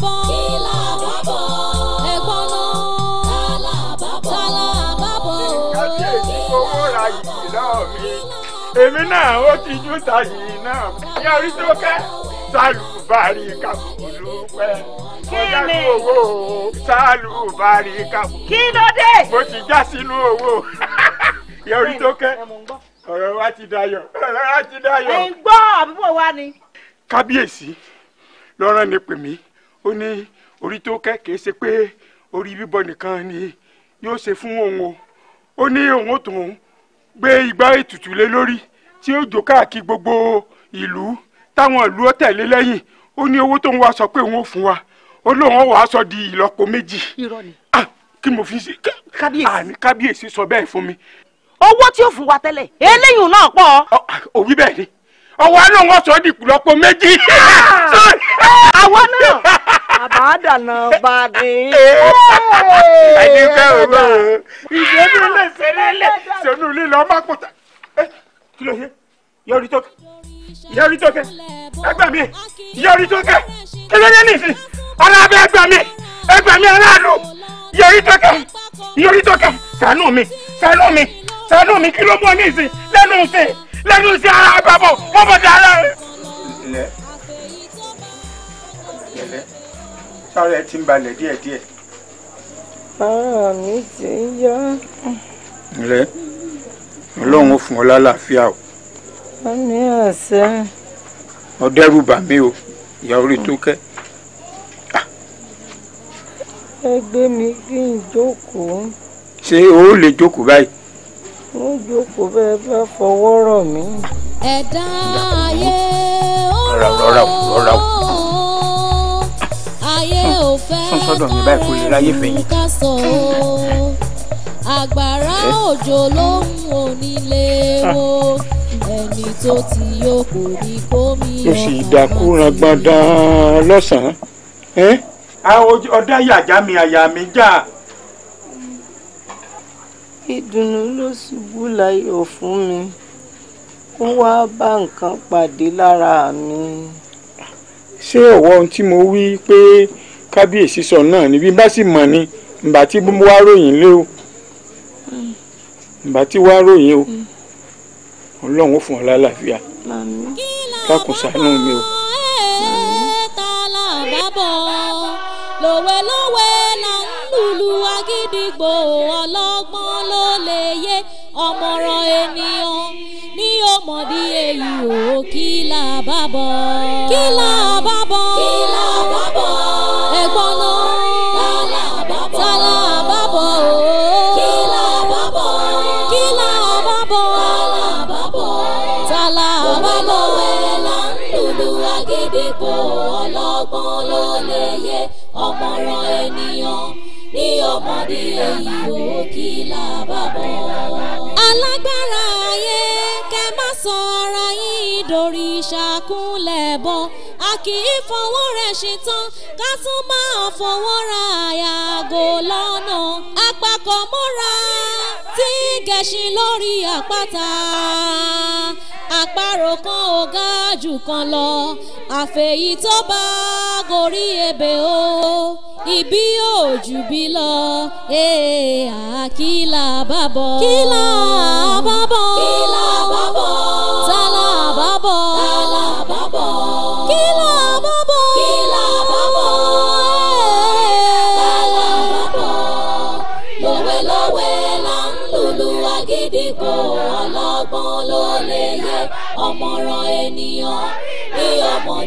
èmi náà ó ti jú sàyìn náà yọrí sókè sálùbárí kàbùlùpẹ́ kí ni owó sálùbárí kàbùlùpẹ́ kí ló dé mo ti já sínú owó yọrí sókè ọ̀rọ̀ wa ti dayọ̀ ọ̀rọ̀ wa ti dayọ̀. ẹ̀ ń gbọ́ àbúrò wa ni. kábíyèsí lọ́rán ni pè mí ó ní orí tó kẹ́kẹ́ ṣe pé orí bíbọ nìkan ni yóò ṣe fún òun o ó ní òun ó tún gbé igbá ètùtù lé lórí tí ó jó káàkiri gbogbo ìlú táwọn ìlú ó tẹ̀lé lẹ́yìn ó ní owó tó ń wá sọ pé òun ò fún wa ó lóun ó wàá sọ di ìlọ́po méjì. irọ́ ni. ah kí mo fi ṣe. kábíyèsí àní kábíyèsí sọ bẹ́ẹ̀ fún mi. owó tí ó fún wa tẹ́lẹ̀ eléyìí náà pọ̀. òwí bẹ́ẹ̀ ni ọwọ́ náà wọ́n sọ di ìlọ́po méjì. Ah! àwọn náà àbádànà bá ní. ẹni fẹ́ òru. ìgbẹ́ mi lè ṣe lélẹ̀ sọ́nù lílọ́ mákòtà kí ló ṣe ìyá orí tókè ìyá orí tókè ẹgbà mi ìyá orí tókè kí ló dé nìsí ọlọ́bẹ ẹgbà mi ẹgbà mi aláàánú ìyá orí tókè ìyá orí tókè ṣàánú mi ṣàánú mi ṣàánú mi kí ló mú ọ nìsí lẹ́nu ìsìn lẹ́nu ìsìn ara àgbàbọ̀ wọ́n bọ̀ dára. ilẹ̀ ilẹ̀ sáré ẹ ti ń balẹ̀ díẹ̀díẹ̀. ara mi ti ń yá. ilẹ̀ ọlọ́run ó fún ọ lálàáfíà o. ó ní ọ̀sẹ̀. ọ̀dẹ́rù bà mí o ìyá orí tó kẹ́. Ah. ẹ gbé mi kí n jókòó. ṣé o lè jókòó báyìí. mo jókòó bẹ́ẹ̀ bá fọwọ́ rọ̀ mí. ẹ̀dá ayé ó rọra rọra ayé ò fẹ́ ká ló ká sọ àgbàrá òjò lóhùn onílé wo ẹni tó ti yó kò ní kó mi ọkàn. lọ́sì ìdákúran gbada lọ́sàn-án. ọ̀dà yàjá mi àyà mi já. ìdùnnú ló ṣubú láyọ̀ fún mi ó wá bá nǹkan pàdé lára mi. ṣé ọ̀wọ́ ohun tí mo wí pé kábíyèsí sọ náà ni bí bá sì mọ̀ ni ǹbà tí mo wá ròyìn lé ìgbà tí wàá ròyìn o hmm. ọlọ́run ó fún ọ lálàáfíà dákun ṣàánú mi o. lòwe lòwe là ń lùlù agídìgbò ọlọ́gbọ́n ló lè yé ọmọràn ènìyàn ní òmòdí èyí ò kí là bá bọ̀ kí là bá bọ̀ kí là bá bọ̀. ló lè yé ọmọràn ènìyàn ní ọmọdé èyí ò kí là bá bọ̀. alágbára ayé kẹ má sọ ara yín dorí ìṣàkúnlẹ̀ bọ̀ a kì í fọwọ́ rẹ̀ ṣetán ká tún máa fọwọ́ ra àyàgò lọ́nà àpapọ̀ mọ́ra tí gẹ̀ṣin lórí àpáta àparò kan ò ga jù kan lọ àfẹ̀yí tó bá gorí ebè o ibi yóò jù bí lọ ee àkìlà bàbọ̀ kìlà bàbọ̀ kìlà bàbọ̀ tàlà bàbọ̀ tàlà bàbọ̀.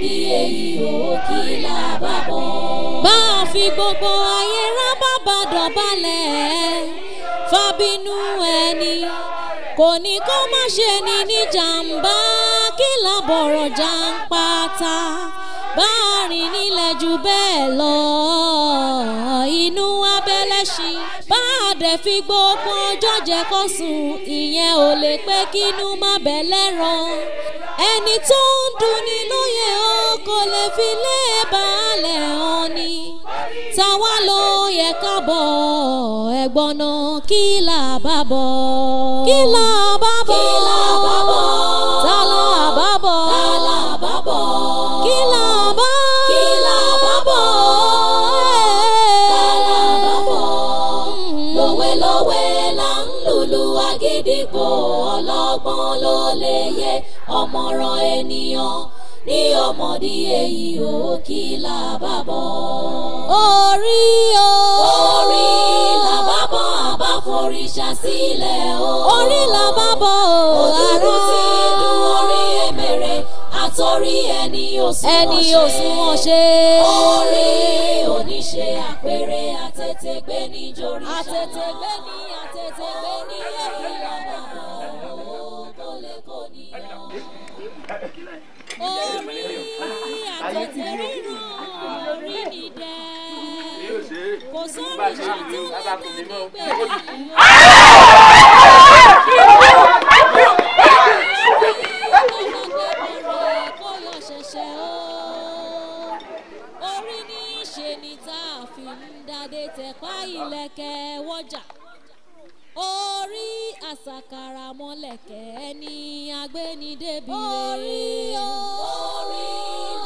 bí èyí ò kí là bá bọ̀. bá a fi gbogbo ayé rábàbà dọ̀bálẹ̀ fábínú ẹni kò ní kó má ṣe ní níjàmbá kí làbọ̀rọ̀ jà ń pátá bá a rìn nílẹ̀ jù bẹ́ẹ̀ lọ inú abẹ́lẹ̀ ṣí bá a dẹ̀ fi gbogbo ọjọ́ jẹ́ kó sùn ìyẹn ò lè pé kínú má bẹ̀lẹ̀ ràn ẹni tó ń dunni lóye ó kò lè fi lé baálẹ̀ hàn ni táwa ló yẹ ká bọ̀ ẹ̀gbọ́n náà kí là bá bọ̀ kí là bá bọ̀. orí èyí ò kí là bá bọ̀. orí o. orí là bá bọ̀ àbá foríṣà sílẹ̀ o. orí là bá bọ̀ o. òdúdú ti dùn orí èmèrè àtọ́rí ẹni òsùn ọ̀ṣẹ́. ẹni òsùn ọ̀ṣẹ́. orí oníṣe àpẹẹrẹ àtẹ̀tẹ̀gbẹ́ níjọ́rí ṣáná. àtẹ̀tẹ̀gbẹ́ ní àtẹ̀tẹ̀gbẹ́ ní èyí là bá bọ̀ o. kólé kò níyàwó orí àtẹ̀tẹ̀ ríràn orí ni dẹ̀ kò sórí ìṣàtúnwò nígbè ní í ṣe ni tá a fi ń dádé tẹ̀pá ilẹ̀kẹ̀ wọ́jà orí àsàkàrà mọ́lẹ̀kẹ́ ni agbénidébi rẹ̀. orí o orí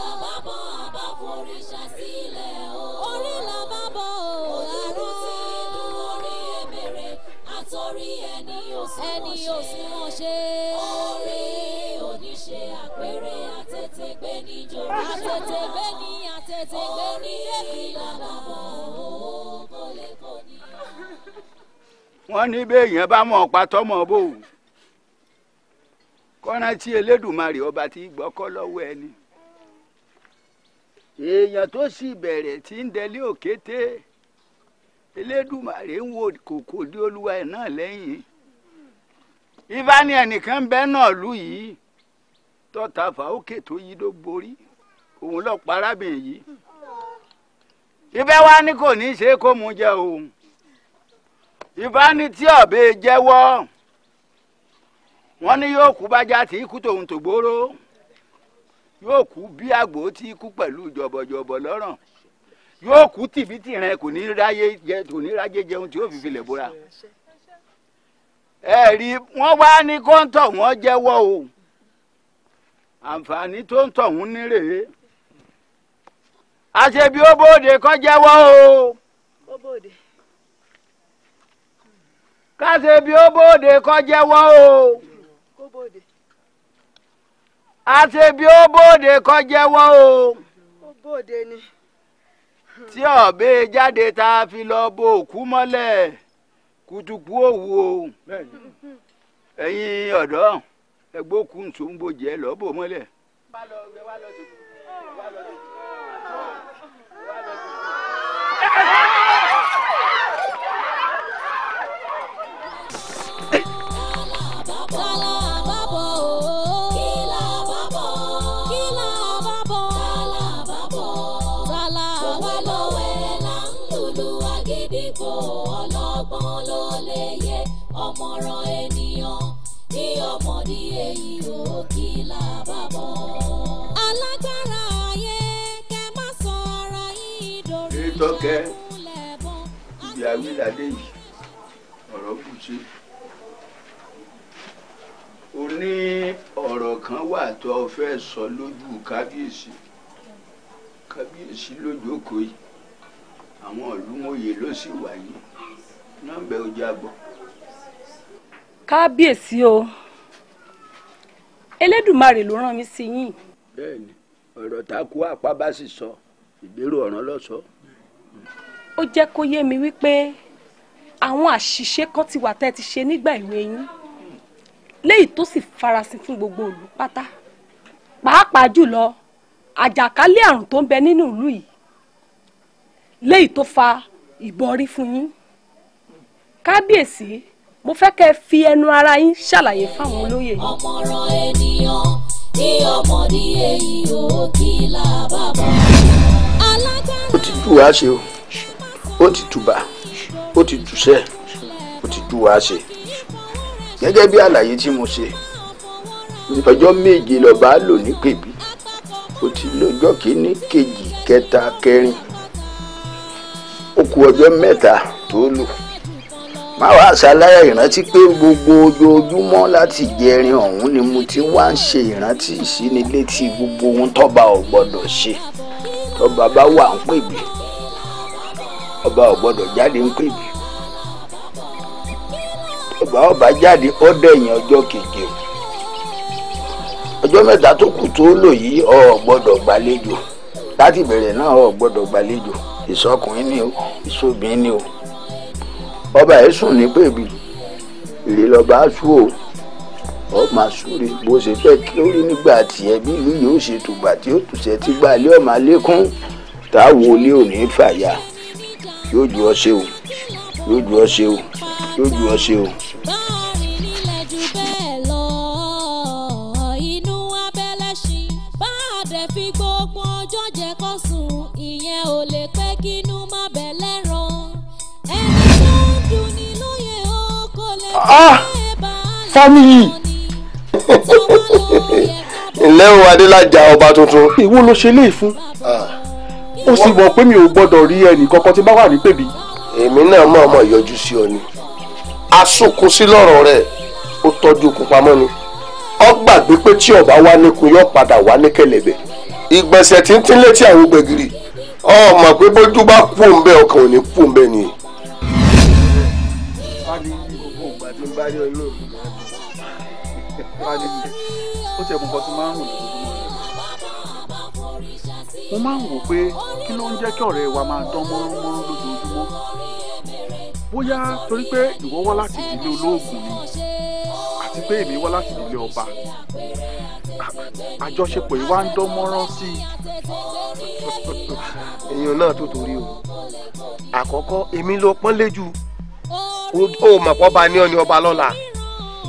làbábọ̀ àbáforíṣà sílẹ̀ o. orí làbábọ̀ o àrò tí dùn orí èmèrè àtọ́rí ẹni òsùnwọ̀n ṣe. orí oníṣe àpẹẹrẹ àtètègbé níjọba. àtètègbé ni àtètègbé ni èmi làbábọ̀. wọ́n ní béèyàn bá mọ̀ pátọ́ mọ̀ bò ó kọ́nà tí Elédùmarè ọba ti gbọ́kọ́ lọ́wọ́ ẹni èèyàn tó sì bẹ̀rẹ̀ tí ń dẹlé òkété Elédùmarè ń wo kòkò dé olúwa ẹ̀ náà lẹ́yìn ifá ni ẹnìkan bẹ́ẹ̀ náà lù yìí tọ́ta fàókè tó yí ló borí òun lọ́ọ́ parábìnrin yìí ibẹ̀ wá kò ní í ṣe kó mu jẹ òun ìbánití ọ̀bẹ jẹ́wọ́ wọ́n ní yóò kú bájá tí ikú tòun tó gbóró yóò kú bí àgbò tí ikú pẹ̀lú jọ̀bọ̀jọ̀bọ̀ lọ́rùn yóò kú tìbítì rẹ kò ní ráyé jẹ kò ní ráyé jẹun tí yóò fi filẹ̀ bóra ẹ̀rí wọ́n wá ní kọ́ńtọ̀ wọ́n jẹ́wọ́ o àǹfààní tó ń tọ̀hún ní rèé àṣebí ó bóde kọ́ jẹ́wọ́ o. ó bóde káṣe bí ó bóde kó jẹ́wọ́ o àṣe bí ó bóde kó jẹ́wọ́ o tí ọ̀bẹ jáde tá a fi lọ bo òkú mọ́lẹ̀ kùtùkù òwú o ẹ̀yin ọ̀dọ́ ẹgbẹ́ òkú ntòǹbòjẹ́ lọ́ọ́ bò lọ wá lọ jẹ́ ibi àwílàdé yìí ọ̀rọ̀ kù ṣe. o ní ọ̀rọ̀ kan wà tó o fẹ́ sọ lójú kábíyèsí kábíyèsí lójókòó yìí àwọn ìlúmọ̀yé ló sì wà yìí nọ́mbẹ kábíyèsí o elédùmarè ló rán mi sí yín. bẹ́ẹ̀ni ọ̀rọ̀ tá apá bá sì sọ ìgbéró ọ̀ràn lọsọọ ó jẹ́ kó yé mi wípé àwọn àṣìṣe kan ti wà tẹ́ ti ṣe nígbà ìwé yín léyìí tó sì farasin fún gbogbo ìlú pátá pàápàá jùlọ àjàkálẹ̀ àrùn tó ń bẹ nínú ìlú yìí léyìí tó fa ìbọrí fún yín kábíyèsí mo fẹ́ kẹ́ ẹ fi ẹnu ara yín ṣàlàyé fáwọn olóyè ọmọ ọ̀rọ̀ ènìyàn ní ọmọdé èyí ò kí là bàbá ó ti tú wá ṣe o ó ti tùbà ó ti tùṣẹ́ ó ti tú wá ṣe gẹ́gẹ́ bí àlàyé tí mo ṣe ọjọ́ méje lọ́ba lò ní pèbí ó ti lọ́jọ́ kìíní kejì kẹta kẹrin ó kù ọjọ́ mẹ́ta tó lò má wàá ṣaláyà ìrántí pé gbogbo ojoojúmọ́ láti jẹrin ọ̀hún ni mo ti wá ń ṣe ìrántí ìsínilétí gbogbo ohun tọ́ba ò gbọ́dọ̀ ṣe tọba bá wà ń pèbí ọba ò gbọ́dọ̀ jáde ń pèbí tọba ọba jáde ó dẹ̀yìn ọjọ́ keje o ọjọ́ mẹ́ta tó kù tó lò yìí ọ gbọ́dọ̀ gbàlejò láti bẹ̀rẹ̀ náà ọ gbọ́dọ̀ gbàlejò ìsọkùnrin ni o ìsọbìnrin ni o ọba ẹ̀ sùn ní pèbí ìrèlọ́ba sùn o ọ máa súre bó ṣe fẹ́ kí ó rí nígbà tiẹ̀ bí ìlú yìí ó ṣe tùgbà tí ó tùṣẹ́ tí gbalẹ̀ ọ̀mà lékún táwo ilé ò ní fàyà yóò ju ọ ṣe o yóò ju ọ ṣe o yóò ju ọ ṣe o. Ah! Family! ǹlẹ́ o adélájà ọba tuntun. ìwọ ló ṣe léè fún ah. ó sì mọ̀ pé mi ò gbọ́dọ̀ rí ẹnì kankan tí bá wà ní pèbí. èmi náà mọ̀ ọmọ ìyọjú sí ọ ni asokun sí lọ́rọ̀ rẹ̀ ó tọ́jú okun pamọ́ ni ọ gbàgbé pé tí ọba wá níkun yóò padà wá ní kẹlẹ̀bẹ̀ ìgbọ̀nsẹ̀ tí ń tí ń létí àwọn gbẹ̀gìrì ọmọ pé bójú bá kú ń bẹ ọkàn ò kú ń ni. wọ́n á di gbogbo ìgbà tí ń bá rí inú mi ó tiẹ̀ mọ̀ nǹkan tí máa ń wò lójoojúmọ́ mo máa ń wò pé kí ló ń jẹ́ kí ọ̀rẹ́ wa máa dán mọ́rúnmọ́rún lójoojúmọ́ bóyá torí pé ìwọ wá láti ìdílé olóògùn ni àti pé èmi wá láti ìdílé ọba àjọṣepọ̀ yìí ń dán mọ́rán sí i. èèyàn náà tó torí o àkọ́kọ́ èmi ló pọ́nlé jù o mọ̀ pọ́ ba ní ọ ní ọba lọ́la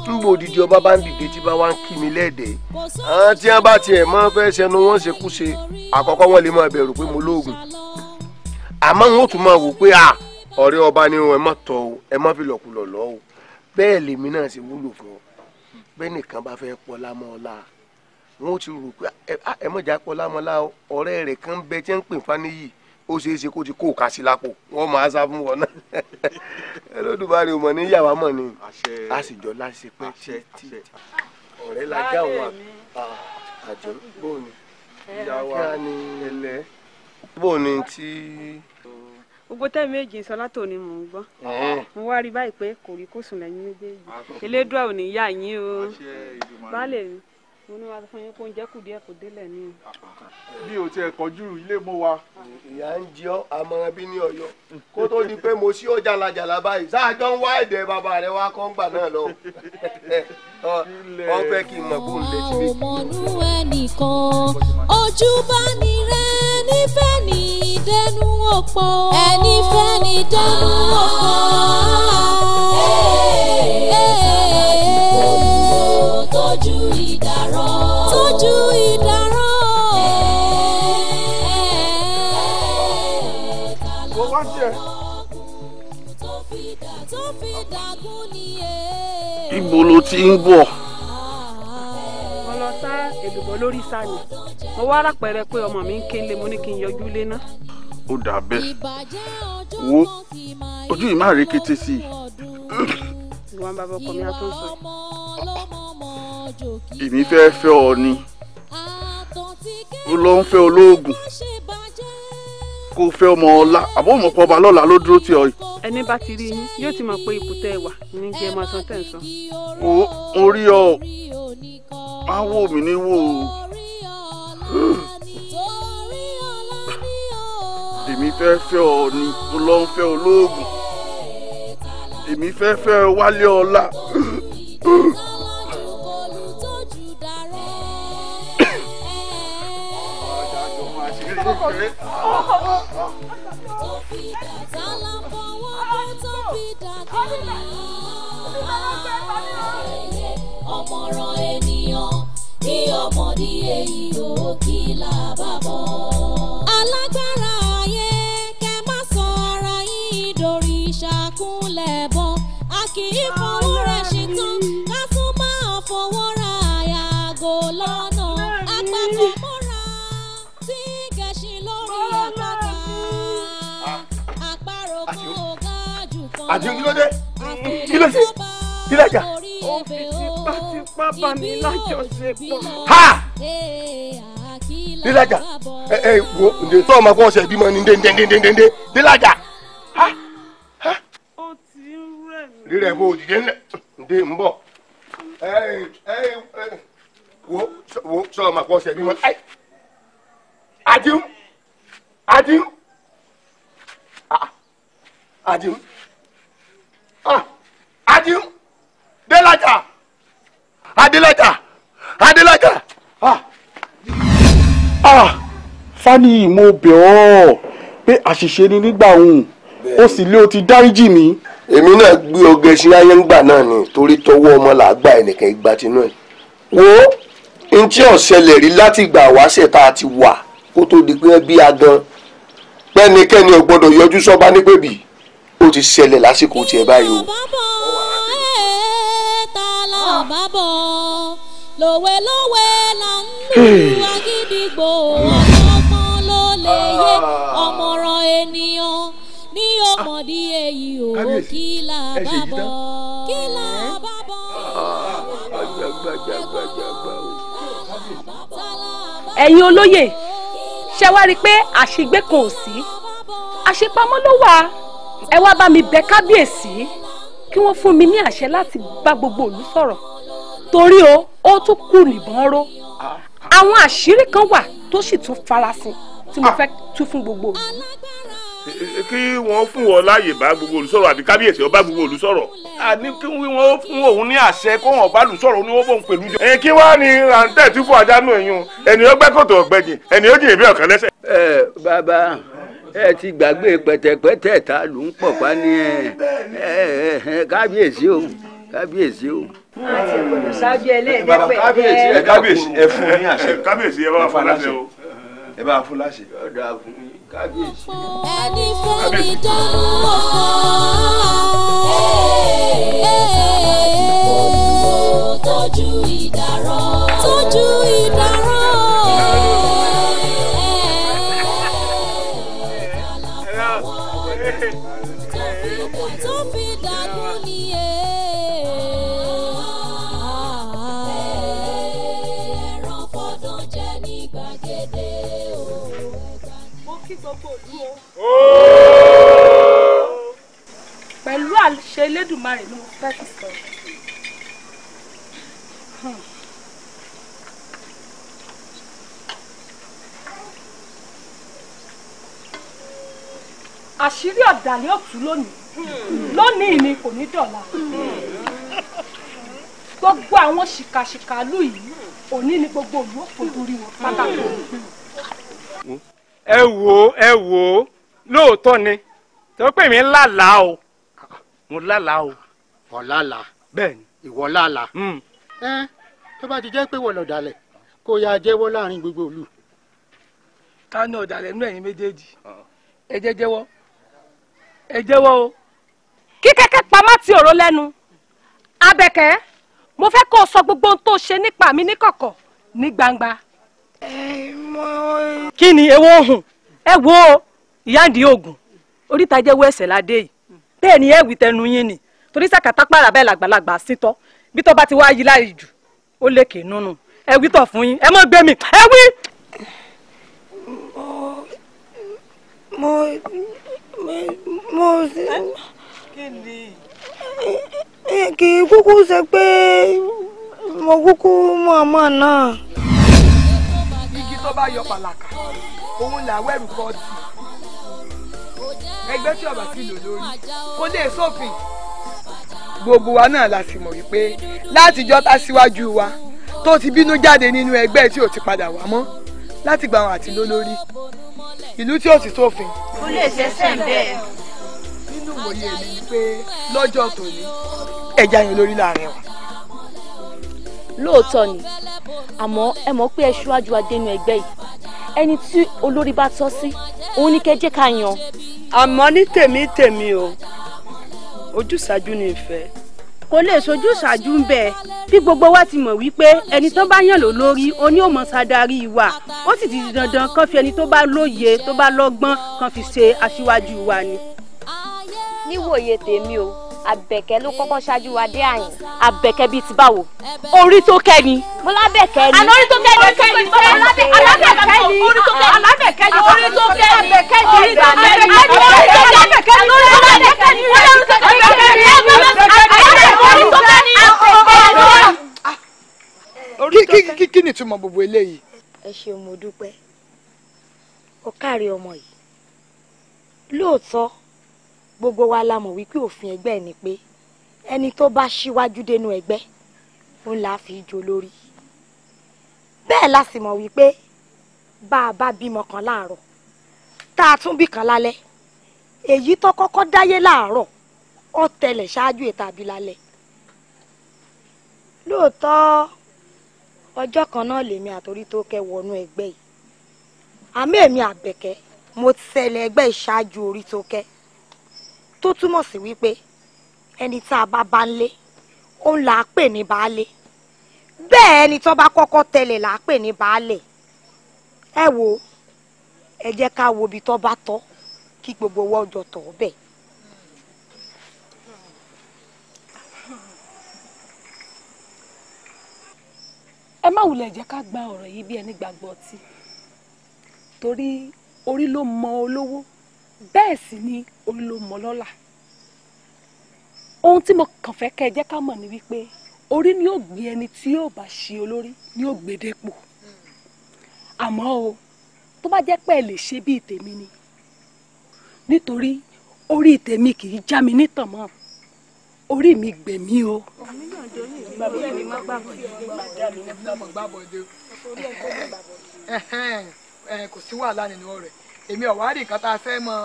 ń bò dídí ọba bá ń dìde tí bá wá ń kí mi lẹ́ẹ̀dẹ́ àwọn tí wọ́n bá tiẹ̀ máa fẹ́ ṣẹnu wọ́n ṣe kúṣe àkọ́kọ́ wọn lè máa bẹ̀rù pé mo lóògùn àmọ́ wọn ò tún máa wò pé ọ̀rẹ́ ọba ni ẹ má tọ́ o ẹ má fi lọ̀kùlọ̀ lọ́ o bẹ́ẹ̀ lèmi náà ṣe wúlò fún ọ bẹ́ẹ̀ nìkan bá fẹ́ pọlá wọn ò ti rò pé ẹ mọ̀jà pọlá mọ́ ọ̀rẹ́ rẹ̀ kan bẹ tí ń pè fáníyì ó ṣeé ṣe kó ti kó òka sí lápò wọn máa sá fún wọn náà ẹlòdùbárẹ ò mọ ní yàwá mọ ni a sì jọ láṣepẹ títí ọ̀rẹ́ la já wọn ah, àjọ bóòní ìyàwó ni ẹlẹ bóòní tí. gbogbo tẹ́ méjì sọ látòní mò ń gbọ́ mo wá rí báyìí pé kò rí kó sùn lẹ́yìn méjèèjì elédùà ò ní yà yín o baálé mi mo ní wàá sọ fún yín kó ń jẹ́ kùdíẹ̀ kò délẹ̀ ni o. bí o tiẹ̀ kọjú ilé mo wa. ìyá ń jẹ ọ àmọ̀ràn bí ní ọ̀yọ́ kó tó di pé mo sí ọ jàlàjàlà báyìí sáàjọ ń wá èdè bàbá rẹ wá kọ́ ń gbà náà lọ. wọ́n fẹ́ kí n mọ̀ kó n lè ti mi. ọmọnú ẹnìkan ojú bá ní rẹ nífẹ̀ẹ́ ní dẹnu ọ̀pọ̀ ẹni fẹ́ ní dẹnu ọ̀pọ̀. tọ́jú ìdárọ̀. tójú ìdáràn. kò ibo ló ti ń bọ̀. mo lọ lórí sani mo wá rápẹrẹ pé ọmọ mi ń ké lé mo ní kí n yọjú lé náà. ó dà bẹ́ẹ̀ wo ojú yìí má sí i. bàbá ọkọ èmi fẹ́ fẹ́ ọ ni ó lọ ń fẹ́ olóògùn kó fẹ́ ọmọ ọlá àbọ̀ ọmọ pọba lọ́la ló dúró tì ọ ẹni bá ti rí yín yóò ti mọ̀ pé ipò tẹ́ wà ní jẹ́ máa san tẹ̀ o mo rí ọ máa wò mí ní wò ó èmi fẹ́ fẹ́ ọ ni mo ń fẹ́ olóògùn èmi fẹ́ fẹ́ wálé ọlá. kékeré. òfìdàgá la fọwọ́ bó tó fi alágbára ayé kẹ má sọ ara yín dorí ìṣàkúnlẹ̀ bọ̀ a kì í fọ́. àdìo kí ló dé ó fi tipátipá bá mi lájọṣepọ̀. ha dílájà ẹ ẹ wo ǹdè tó ọmọ fún ọ̀sẹ̀ ìbímọ ndéndéndéndéndé dílájà ha ha. ó ti ń rẹ̀ mí. rírẹ̀ bó òjìjẹ́ ńlẹ̀ ǹdè ń bọ̀ ẹ ẹ ẹ wo wo sọ ọmọ fún ọ̀sẹ̀ ìbímọ. àdìo àdìo Ah, adiun delaja adelaja adelaja ah. ah, fani mo bẹ̀ ọ́ pé àṣìṣe ni nígbà òun ó sì lé o ti dáríjì mi. èmi náà gbé ọgẹ sí ayé ńgbà náà ni torí tọwọ́ ọmọ là á gba ẹnìkan ìgbà tinú ẹ̀. wo n tí ò ṣẹlẹ̀ rí láti ìgbà wáṣẹ̀ tá a ti wà kó tó di pé bí a gan pẹ́nikẹ́ni ò gbọ́dọ̀ yọjú sọ́ba nípèbí ó ti ṣẹlẹ̀ lásìkò tiẹ̀ báyìí o. lòwe lòwe là ń lu agídìgbò ọmọ ló lè yé ọmọràn ènìyàn ní ọmọdé èyí ò kí là bá bọ kí là bá bọ. ẹ̀yin olóyè ṣe pé àṣìgbé kan sí àṣepamọ́ ló wà ẹ wá bá mi bẹ kábíyèsí kí wọ́n fún mi ní àṣẹ láti bá gbogbo ìlú sọ̀rọ̀ torí o ó tún kù nìbọn ró àwọn àṣírí kan wà tó sì tún farasin tí mo ah. fẹ́ tú fún gbogbo ìlú kí wọ́n fún wọn láàyè bá gbogbo olùsọ̀rọ̀ àbí kábíyèsí ó bá gbogbo olùsọ̀rọ̀. àní kí wọ́n fún òun ní àṣẹ kó wọn bá lùsọ̀rọ̀ ní wọ́n fóun pẹ̀lú jọ. ẹ eh, kí wàá ní rántẹ́ tí fún ajá náà yún ẹni ó gbẹ́ kòtò ọ̀gbẹ́jì ẹni ó ẹ ti gbàgbé pẹ̀tẹ̀pẹ̀tẹ̀ ta ló ń pọ̀ pa ẹ kábíyèsí o kábíyèsí o. kábíyèsí kábíyèsí ẹ fún ní àṣẹ kábíyèsí ẹ bá fún láṣẹ o ẹ bá fún láṣẹ. ọ̀dà fún yín kábíyèsí. ẹni fẹ́ni dán. ìdárọ̀. tọ́jú ìdárọ̀. pẹ̀lú àṣẹ Elédùmarè ni fẹ́ fi sọ. Hmm. àṣírí ọ̀dàlẹ̀ òtú lónìí hmm. lónìí ni kò ní dọ̀la hmm. gbogbo àwọn ṣìkàṣìkà lù yìí òní ni gbogbo òlú òfojú rí wọn pátákó. ẹ wò ẹ wò lóòótọ́ ni tó pè mí lálàá o mo lálàá o. ọ̀làlà bẹ́ẹ̀ni ìwọ lálàá. Hmm. ẹ tó bá ti jẹ́ pé wọ́n lọ̀dàlẹ̀ kó yáa jẹ́wọ́ láàrin gbogbo ìlú. ká ní ọ̀dàlẹ̀ nú ẹ̀yin méjèèjì ẹ jẹ́ jẹ́wọ́ ẹ jẹ́wọ́ o. kí kẹ́kẹ́ pamọ́ ti ọ̀rọ̀ lẹ́nu abẹ́kẹ́ mo fẹ́ kó o sọ gbogbo ohun tó ṣe nípa mi níkọ̀kọ̀ ní gbangba. ẹ mọ. kí ni ewo hùn ẹ wo ìyáǹdí ògùn oríta jẹ́wọ́ ẹ̀sẹ̀ ládé yìí bẹ́ẹ̀ ni ẹ̀wì tẹnu yín ni torí sàkátà pààrà bẹ́ẹ̀ làgbàlagbà sítọ́ bí tọ́ bá ti wá yí láàyè jù ó lékè nínú ẹ̀wì tọ̀ fún yín ẹ mọ́ gbé mi ẹ̀wì. mo mo mo kì í kúkú ṣe pé mo kúkú mọ̀ọ́mọ̀ náà. igi tó bá yọ pàlàkà òun làwẹ̀rù kọ́ ti ẹgbẹ́ tí ọba ti lò lórí kó lè sófin gbogbo wa náà la sì mọ̀ wípé látijọ́ tá síwájú wa tó ti bínú jáde nínú ẹgbẹ́ tí ò ti padà wá mọ́ láti gba àwọn àti lólórí ìlú tí ò ti sófin. kó lè ṣẹ̀ṣẹ̀ bẹ́ẹ̀. nínú ìwòye mi ni pé lọ́jọ́ tòní ẹja yẹn lórí láàrin wa lóòótọ́ ni àmọ́ ẹ mọ̀ pé ẹ ṣíwájú adénú ẹgbẹ́ yìí ẹni tí olórí bá tọ́ sí òun ní kẹ́ jẹ́ ká yan. àmọ́ ní tèmi tèmi o ojúṣàájú ni ìfẹ́. kò lè sojú ṣáájú ń bẹ bí gbogbo wa ti mọ̀ wípé ẹni tó bá yàn ló lórí oní òmò sadarí wa ó sì ti di dandan kán fi ẹni tó bá lóye tó bá lọ́gbọ́n kán fi ṣe aṣíwájú wa ni. níwòye tèmi o abẹ̀kẹ́ ló kọ́kọ́ ṣáájú wa dé àyìn. abẹ̀kẹ́ bíi ti báwo orí tó kẹ́ ni. mo lábẹ̀kẹ́ ni. àná orí tó kẹ́ ni orí tó kẹ́ ni alábẹ̀kẹ́ ni orí tó kẹ́ ni alábẹ̀kẹ́ ni orí tó kẹ́ ni abẹ̀kẹ́ ni orí tó kẹ́ ni alábẹ̀kẹ́ ni orí tó kẹ́ ni orí tó kẹ́ ni orí tó kẹ́ ni orí tó kẹ́ ni. kí ni ìtumọ̀ gbogbo eléyìí. ẹ ṣeun mo dúpẹ́ ọ̀kárí ọmọ yìí lóòótọ́ gbogbo wa la mọ̀ wípé òfin ẹgbẹ́ ni pé ẹni tó bá ṣíwájú dénú ẹgbẹ́ òun là á fi jó lórí bẹ́ẹ̀ la sì mọ̀ wípé bá a bá bímọ kan láàárọ̀ tá a tún bí kan lálẹ́ èyí tó kọ́kọ́ dáyé láàárọ̀ ó tẹlẹ̀ ṣáájú ètò àbílálẹ̀ lóòótọ́ ọjọ́ kan náà lèmi àtòrí tó kẹ́ wọnú ẹgbẹ́ yìí àmì èmi àbẹ̀kẹ́ mo tẹ̀lé ẹgbẹ́ ìṣáájú orí tó kẹ́ tó túmọ̀ sí wípé ẹni tá a bá bá ń lé òun là á pè ní baálé bẹ́ẹ̀ ẹni tó bá kọ́kọ́ tẹ̀lẹ̀ là á pè ní baálé ẹ wo ẹ jẹ́ ká wo ibi tó bá tọ́ kí gbogbo owó ọjọ́ tọ̀ ọ́ bẹ́ẹ̀. ẹ má wulẹ̀ jẹ́ ká gba ọ̀rọ̀ yìí bí ẹni gbàgbọ́ ọtí torí orí ló mọ olówó bẹ́ẹ̀ sì ni olómọlọ́lá ohun tí mo kàn fẹ́ kẹ́ ẹ jẹ́ ká mọ̀ ni wípé orí ni yóò gbé ẹni tí yóò bá ṣe olórí ni yóò gbé àmọ́ o tó bá jẹ́ pé ẹ lè ṣe bíi tèmi ni nítorí orí tèmi kì í já mi nítàn mọ́ orí mi gbẹ̀mí o. kò sí wàhálà nínú ọ̀rẹ́ èmi ọ̀wádìí kan tá a fẹ́ mọ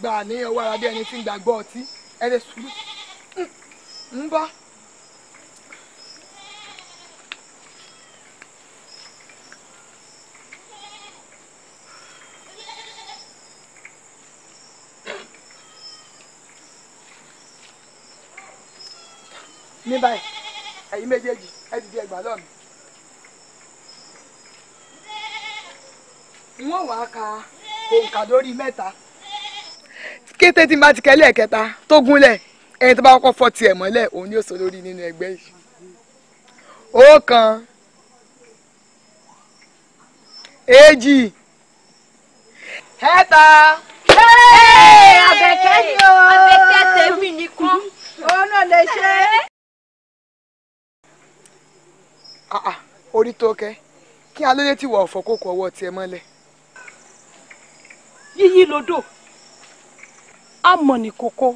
gbà ní ọwọ́ ara bí ẹni tí ń gbàgbọ́ ọtí ẹ lè sùúrù ń bá. ní báyìí ẹ̀yin méjèèjì ẹ dìde ẹgbà lọ́nà. wọ́n wàá ka òǹkà lórí mẹ́ta. kété tí n bá ti kẹ́lẹ́ kẹta tó gúnlẹ̀ ẹni tó bá kọ́kọ́ fọ́ tiẹ̀ mọ́lẹ̀ òun ni ó sọ lórí nínú ẹgbẹ́ yìí. ọ̀kan èjì ẹ̀ta. àbẹ̀kẹ́ ni o àbẹ̀kẹ́ tèmi nìkan òun náà lè ṣe. Ah, ah, orí tó kẹ́ kí alóde ti wà ọ̀fọ̀ kókò ọwọ́ tiẹ̀ mọ́lẹ̀ yíyí lodò amọ̀nì kòkó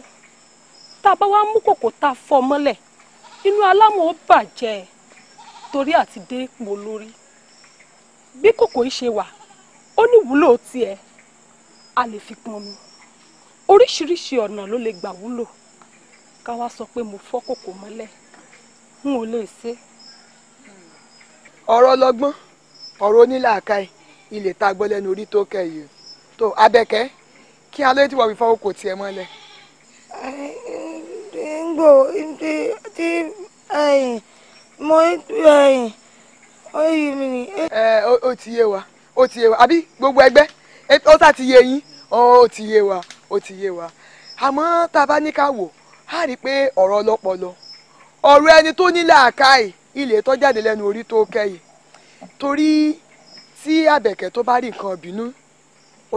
tá a bá wá mú kòkó tá a fọ́ mọ́lẹ̀ inú alámọ̀ ó bàjẹ́ torí àti dé ipò lórí bí kòkó yìí ṣe wà ó ní wúlò tiẹ̀ a lè fi pọn mu oríṣiríṣi ọ̀nà ló lè gbà wúlò ká wá sọ pé mo fọ́ kòkó mọ́lẹ̀ n ò lè ṣe. ọ̀rọ̀ lọ́gbọ́n ọ̀rọ̀ onílàákàyè ilé tá a gbọ́ lẹ́nu orí tó kẹ́yìí tó abẹ́kẹ́ kí alẹ́ tí wọ́n fi fọwọ́ kò tiẹ̀ mọ́lẹ̀. ń gbò tí tí mo ó yí mi ni. ẹ ó ti yé wa ó ti yé wa àbí gbogbo ẹgbẹ́ ó sá ti yé yín ó ti yé wa ó ti yé wa àmọ́ tá a bá ní ká wò á rí i pé ọ̀rọ̀ ọlọ́pọlọ ọ̀rọ̀ ẹni tó ní làákàyè ilé tó jáde lẹ́nu orí tó kẹ́yìn torí tí àbẹ̀kẹ́ tó bá rí nǹkan bínú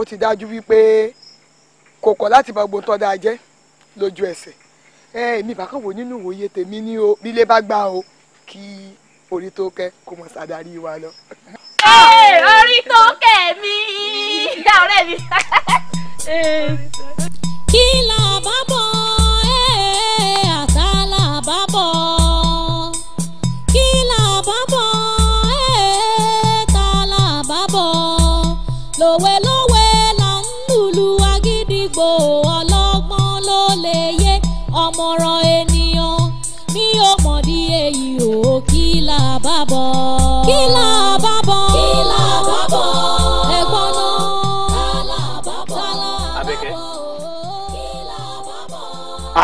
ó ti dájú wípé kò kọ̀ láti bá gbóntọ́ dáa jẹ́ lójú ẹsẹ̀ èmi bàkàn nínú ìwòye tèmi ní o bílé bá gbà o kí orí tó kẹ́ kó mọ̀ sàdárí wa lọ. orí tó kẹ́ mi dá ọ̀rẹ́ mi. kí làbá bọ̀ eh, àṣà làbá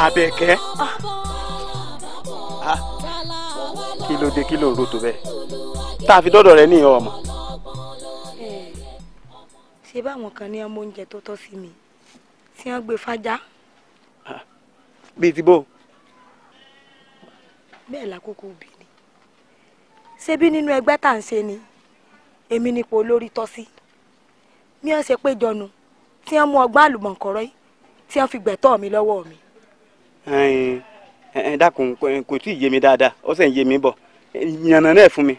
àbẹ̀kẹ́ ah. ah. kí ló dé kí ló ro tó bẹ́ẹ̀ tá a fi dọ́dọ̀ rẹ ní ìyá ọmọ. Eh, ṣé báwọn kan ní ọmọ oúnjẹ tó tọ́ sí mi tí wọ́n gbé fájá. Ah. bíi ti bó. bẹ́ẹ̀ lákòókò òbí ni ṣebí nínú ẹgbẹ́ tá à ń ṣe ni èmi nípò olórí tọ́ sí mi ò ṣe péjọ nu tí wọ́n mú ọgbọ́n àlùmọ̀ǹkọ́rọ́ yìí tí wọ́n fi gbẹ̀tọ́ mi lọ́wọ́ mi ẹ dákun kò tí ì yé mi dáadáa ó sì ń yé mi bọ̀ yànnà náà fún mi.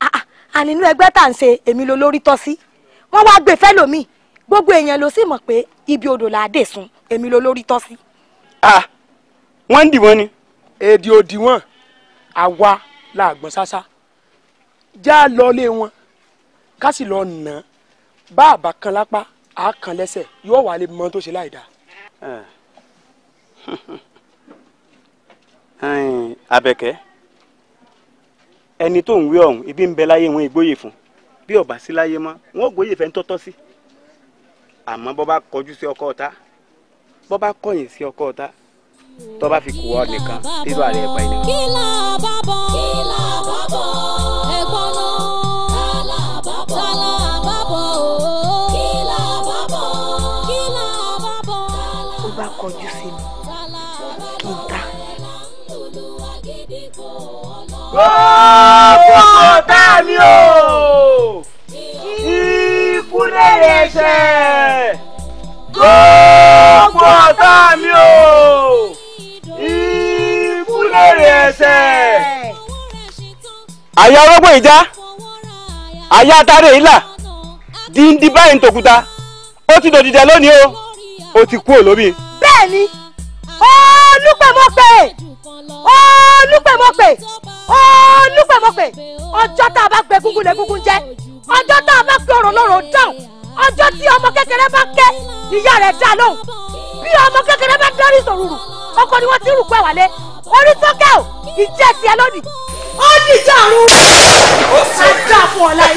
Ah, ah, àní inú ẹgbẹ́ tá à ń ṣe èmi ló lórí tọ́ sí wọ́n wá gbé fẹ́lòmíì gbogbo èèyàn ló sì mọ̀ pé ibi odò là á dé sun èmi ló lórí tọ́ sí. Ah, wọ́n ń dì ni. èdè òdì wọn àwa la gbọ́n ṣáṣá já lọ lé wọn ká sì lọ nà án bá àbá kan lápá àá kan lẹ́sẹ̀ yóò wà lè mọ tó ṣe láì dáa. Eh. Abẹ́kẹ́ ẹni tó ń wé ọ̀hún ibi ń bẹ láyé wọn ìgbóyè fún bí ọba sí láyé mọ́ wọn ò gbóyè fẹ́ ń tọ́tọ́ sí àmọ́ bọ́ bá kọjú sí ọkọ ọ̀tá bọ́ bá kọ̀yìn sí ọkọ ọ̀tá tó bá fi kù ọ́ nìkan nínú àrẹ ẹ̀pà ìnìkan. kí là bá bọ̀ kí là bá bọ̀. kókó tá mi o ikú lèrè ṣẹ kókó tá mi o ikú lèrè ṣẹ. àyà ọlọ́gbọ́n ìjà àyà atáré ìlà díndín báyìí ń tòkúta ó ti dòdìdẹ lónìí o ó ti kú olómi. bẹ́ẹ̀ni olùpẹ̀mọ́pẹ̀ olùpẹ̀mọ́pẹ̀ olùpẹ̀mọ̀pẹ̀ ọjọ́ tá a bá gbẹ gúngún lẹ gúngún jẹ ọjọ́ tá a bá gbẹ ọ̀rọ̀ lọ́rọ̀ dáhùn ọjọ́ tí ọmọ kékeré bá ké ìyá rẹ̀ dá lóhùn bí ọmọ kékeré bá dárí sòrùrù ọkọ ni wọ́n ti rù pẹ́ wálé orí tó kẹ́ ò ìjẹ́ tiẹ̀ lónìí ó dìjà àrùn ó sì dá fún ọ láyé.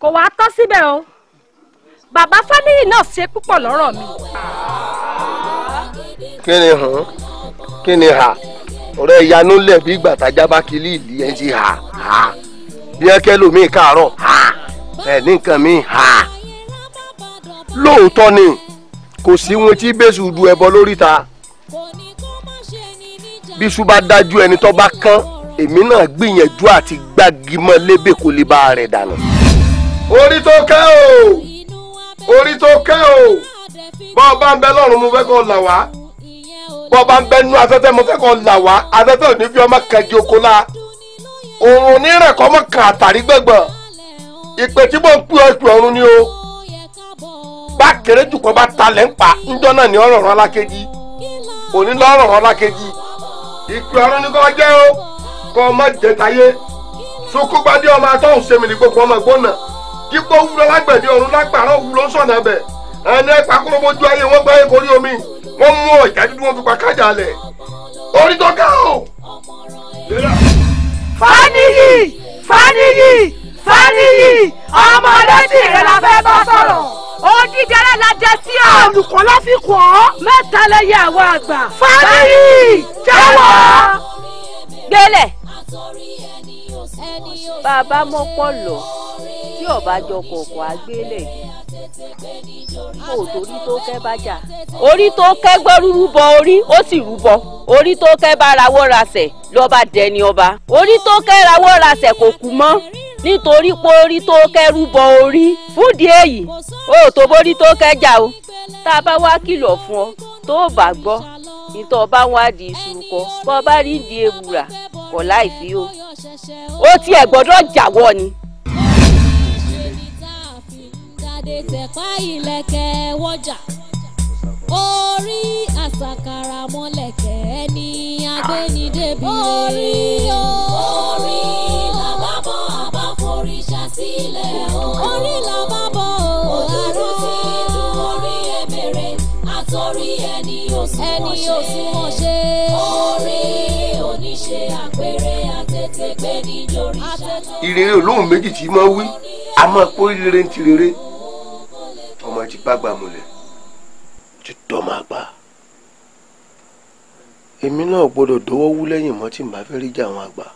kò wá tọ́ síbẹ̀ o bàbá fámìlì náà ṣe púpọ̀ lọ́rọ̀ mi. kí ni hàn kí ni hà ọ̀rẹ́ ìyanu lẹ̀ bí ìgbà tájá bá kiri ìlí ẹ̀ ti hà hà bí ẹ kẹ́ lómi káàárọ̀ hà ẹ̀ ní nǹkan mi hà lóòótọ́ ni kò sí wọn tí bẹ́sù du ẹbọ lóríta bísú bá dájú ẹni tó bá kán èmi náà gbìyànjú àti gbági mọ́ lébè kó lè bá rẹ̀ dànù. orí tó ká o. orí tó kẹ́ o bọ́ọ̀ bá ń bẹ lọ́rùn mo fẹ́ kó là wá bọ́ọ̀ bá ń bẹ nú afẹ́fẹ́ mo fẹ́ kó là wá afẹ́fẹ́ ò fi ọmọ kan oko la òrùn onírẹ̀ kọ́ mọ́ àtàrí gbẹ̀gbọ̀n ìpè tí ń pè ọ̀run ni o bá kéré bá talẹ̀ ń pa ńjọ́ ní o kọ́ ọmọ táyé ọmọ sẹ́mi ní dípò wúlọ lágbẹ̀dẹ ọ̀run lágbàrán wúlọ sọ̀nà bẹ̀ ẹni ẹ̀pà kúrò mojú ayé wọn gbáyé korí omi wọn mú ọ̀jà dúdú wọn fi pa kájà lẹ̀ orí tó ká o. faniyi faniyi faniyi ọmọ ọlọ́tì rẹ la fẹ́ bá sọ̀rọ̀ odidẹrẹ la jẹ sí ọ. olùkọ́ ló fi kọ́. mẹ́ta lè yẹ àwọn àgbà. faniyi jẹ́wọ́. gbélé bàbá mọ́pọ̀ lọ tí ọba jọ kọ̀ọ̀kọ̀ àgbélẹ̀ kò torí tó kẹ́ bá jà. orí tó kẹ́ gbọ́ rúrúbọ orí ó sì rúbọ orí tó kẹ́ bá rawọ́ rasẹ̀ lọ́ba dẹni ọba orí tó kẹ́ rawọ́ rasẹ̀ kò kú mọ́ nítorí pé orí tó kẹ́ rúbọ orí fúndìí èyí ó tó borí tó kẹ́ jà o tá a bá wá kìlọ̀ fún ọ tó bá gbọ́ ìtọ̀ bá wá di iṣu kọ bọ́ bá rí di ewúrà kọ̀ láì fi o ó tiẹ̀ gbọ́dọ̀ jàwọ́ ni. Adé tẹ̀pá ìlẹ̀kẹ̀ wọ́jà orí àsàkàrà mọ́lẹ̀kẹ̀ ẹni agbẹ́nidébi. orí o orí làbábọ̀ àbáforíṣà sílẹ̀ o. orí làbábọ̀ o òdúró ti dùn orí èmèrè àtọ́rí ẹni òsùnmọ̀ ṣe. orí oníṣe àpèrè àtètè gbé níjòrìṣà. ìrere olóhùn méjì tí máa wí a máa kó rere ń ti rere wá ti gbàgbà mulẹ̀. ti tọ́ máa gbà. èmi náà gbọ́dọ̀ dọ́wọ́ wú lẹ́yìn mọ́ tí màá fẹ́ rí jà àwọn àgbà.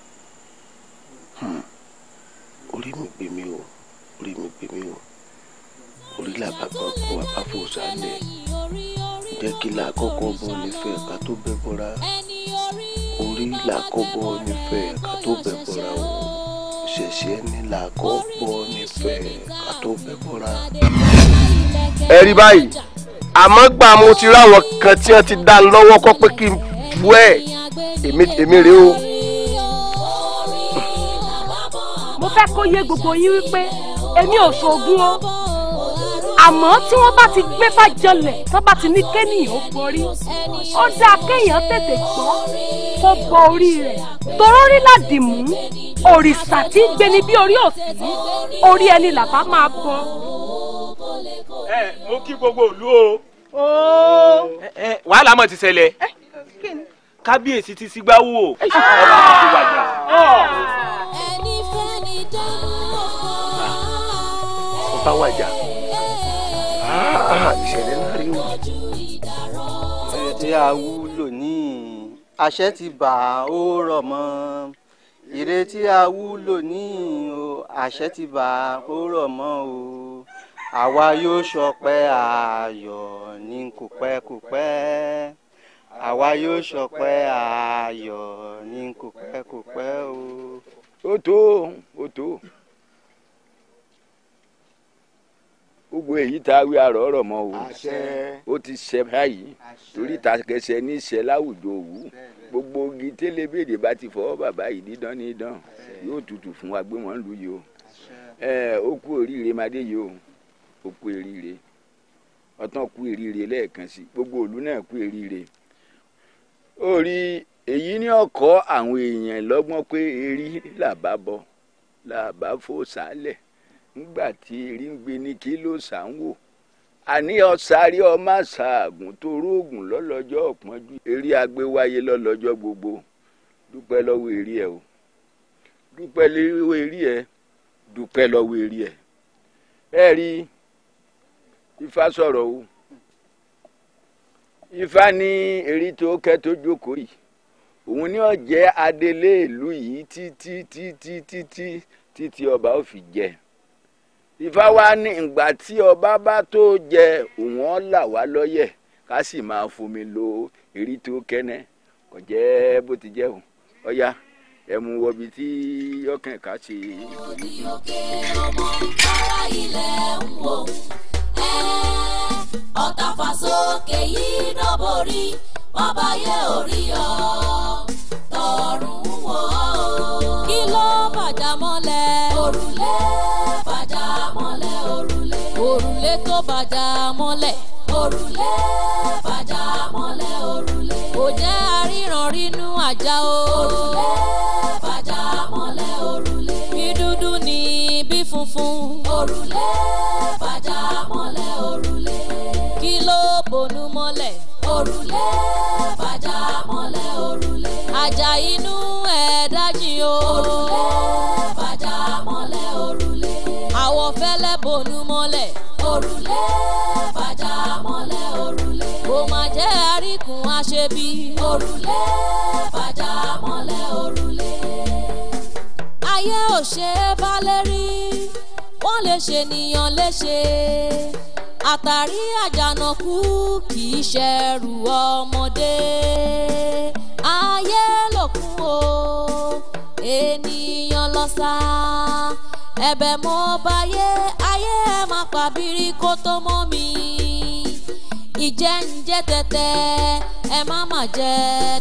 Hmm. orí mi gbé mi o orí mi gbé mi o orí làbà kó àbáfò sálẹ̀ jẹ́ kí làákọ́kọ́ bọ́ nífẹ̀ẹ́ ká tó bẹ́ bọ́ra orí làákọ́bọ́ nífẹ̀ẹ́ ká tó bẹ́ bọ́ra o ṣẹ̀ṣẹ̀ nílà kọ́pọ̀ nífẹ̀ẹ́ ká tó fẹ́ kóra. ẹ rí báyìí àmọ́ gbà mo ti ráwọn kan tí wọ́n ti dá lọ́wọ́ kọ́ pé kí n bu ẹ̀ èmi rèé o. mo fẹ́ kó yé gbogbo yín wípé èmi ò ṣoògùn o àmọ́ tí wọ́n bá ti gbé bá jọlẹ̀ tó bá ti ní kéèyàn ó borí ó dáa kéèyàn tètè gbọ́ kó bọ orí rẹ̀ torọ́ rí ládìmú òrìṣà tí ń gbéni bí orí òsì orí ẹni làbá máa bọ. ẹ mo kí gbogbo ìlú o. wàhálà mọ̀ ti ṣẹlẹ̀ kábíyèsí ti sígbà wò. ọ̀rọ̀ àti wàjà. wàjà. Ah, ìṣẹ̀lẹ̀ ńlá rí o. èdè awúlò ní àṣẹ ti bà ó rọ̀ mọ́ ìrètí awúlò ní o àṣẹ ti bà ó rọ̀ mọ́ o àwa yóò ṣọpẹ́ ayọ̀ ní kòpẹ́kòpẹ́ àwa yóò ṣọpẹ́ ayọ̀ ní kòpẹ́kòpẹ́ o. ó tó ó tó. gbogbo èyí tá a wí àrọ̀ ọ̀rọ̀ mọ́ o ó ti ṣẹ báyìí torí ta kẹsẹ ní ìṣẹ láwùjọ òwú gbogbo igi télébèdè bá ti fọwọ́ bàbá yìí dídán ní dán yóò tutù fún wa gbé wọn lù yìí o ẹ ó kú oríire madé yìí o ó kú eríire ọtán kú eríire lẹ́ẹ̀kan sí gbogbo òlu náà kú eríire ó rí èyí ní ọkọ àwọn èèyàn lọ́gbọ́n pé erí làbá bọ làbá fò sálẹ̀ ńgbà tí erí ń gbé ní kí ló sà ń wò àní ọ̀sàrí ọmọ àṣàgùn tó róògùn lọ́lọ́jọ́ ọ̀pọ̀njú eré agbéwáyé lọ́lọ́jọ́ gbogbo dúpẹ́ lọ́wọ́ eré ẹ o dúpẹ́ lọ́wọ́ eré ẹ dúpẹ́ lọ́wọ́ eré ẹ ẹ rí ifá sọ̀rọ̀ o ifá ní eré tó kẹ́ tó jókòó yìí òun ni ó adelé ìlú yìí títí títí títí títí ọba ó fi jẹ́ Ifá wa ní ìgbà tí ọba bá tó jẹ òun là wá lọ́yẹ̀ ká sì máa fomi lo eré tó kẹ́nẹ́ kò jẹ́ bó ti jẹ́ o ọ̀ya ẹ mú wọbi tí ọkàn ká ṣe. òní òkè ọmọ ara ilẹ̀ ń wò ẹ́ ọ̀tàfà sókè yìí dọ́bòrí bàbá yẹ orí ọ tọrùn wò kí ló bàjá mọ́lẹ̀ òrùlé. ètò bàjá mọ́lẹ̀. òrùlé bàjá mọ́lẹ̀ òrùlé. kò jẹ́ àríran rínú àjà o. òrùlé bàjá mọ́lẹ̀ òrùlé. bí dúdú ni bí funfun. òrùlé bàjá mọ́lẹ̀ òrùlé. kí ló bònú mọ́lẹ̀. òrùlé bàjá mọ́lẹ̀ òrùlé. àjà inú ẹ̀ dájí o. òrùlé bàjá mọ́lẹ̀ òrùlé. àwọ̀ fẹ́lẹ́ bònú mọ́lẹ̀. Orule, fàjà mọ́lẹ̀ orule. kò má jẹ́ àríkùn àṣebí. òrùlé fàjà mọ́lẹ̀ òrùlé. ayé ò ṣe é bá lérí wọ́n lè ṣènìyàn léṣe àtàrí àjànàkú kì í ṣẹrù ọmọdé ayé lòkun o ènìyàn lọ́sàá ẹ̀bẹ̀ mo bá yé ayé ẹ má pàbírí kó tó mọ́ mi ìjẹ ń jẹ tẹtẹ ẹ má má jẹ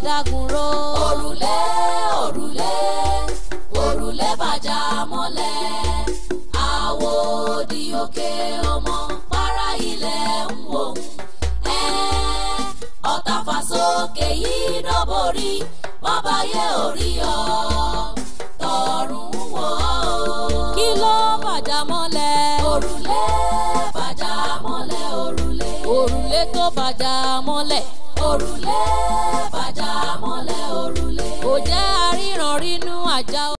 dágunró. òrùlé òrùlé òrùlé bàjá mọ́lẹ̀ àwo di òkè ọmọ para ilẹ̀ ń wò ẹ ọ̀tàfà sókè yìí dọ́bòrí bàbá yẹ orí ọ. fàjà mọ́lẹ̀. òrùlé fàjà mọ́lẹ̀ òrùlé. òrùlé tó fàjà mọ́lẹ̀. òrùlé fàjà mọ́lẹ̀ òrùlé. kò jẹ́ aríran rínú àjà.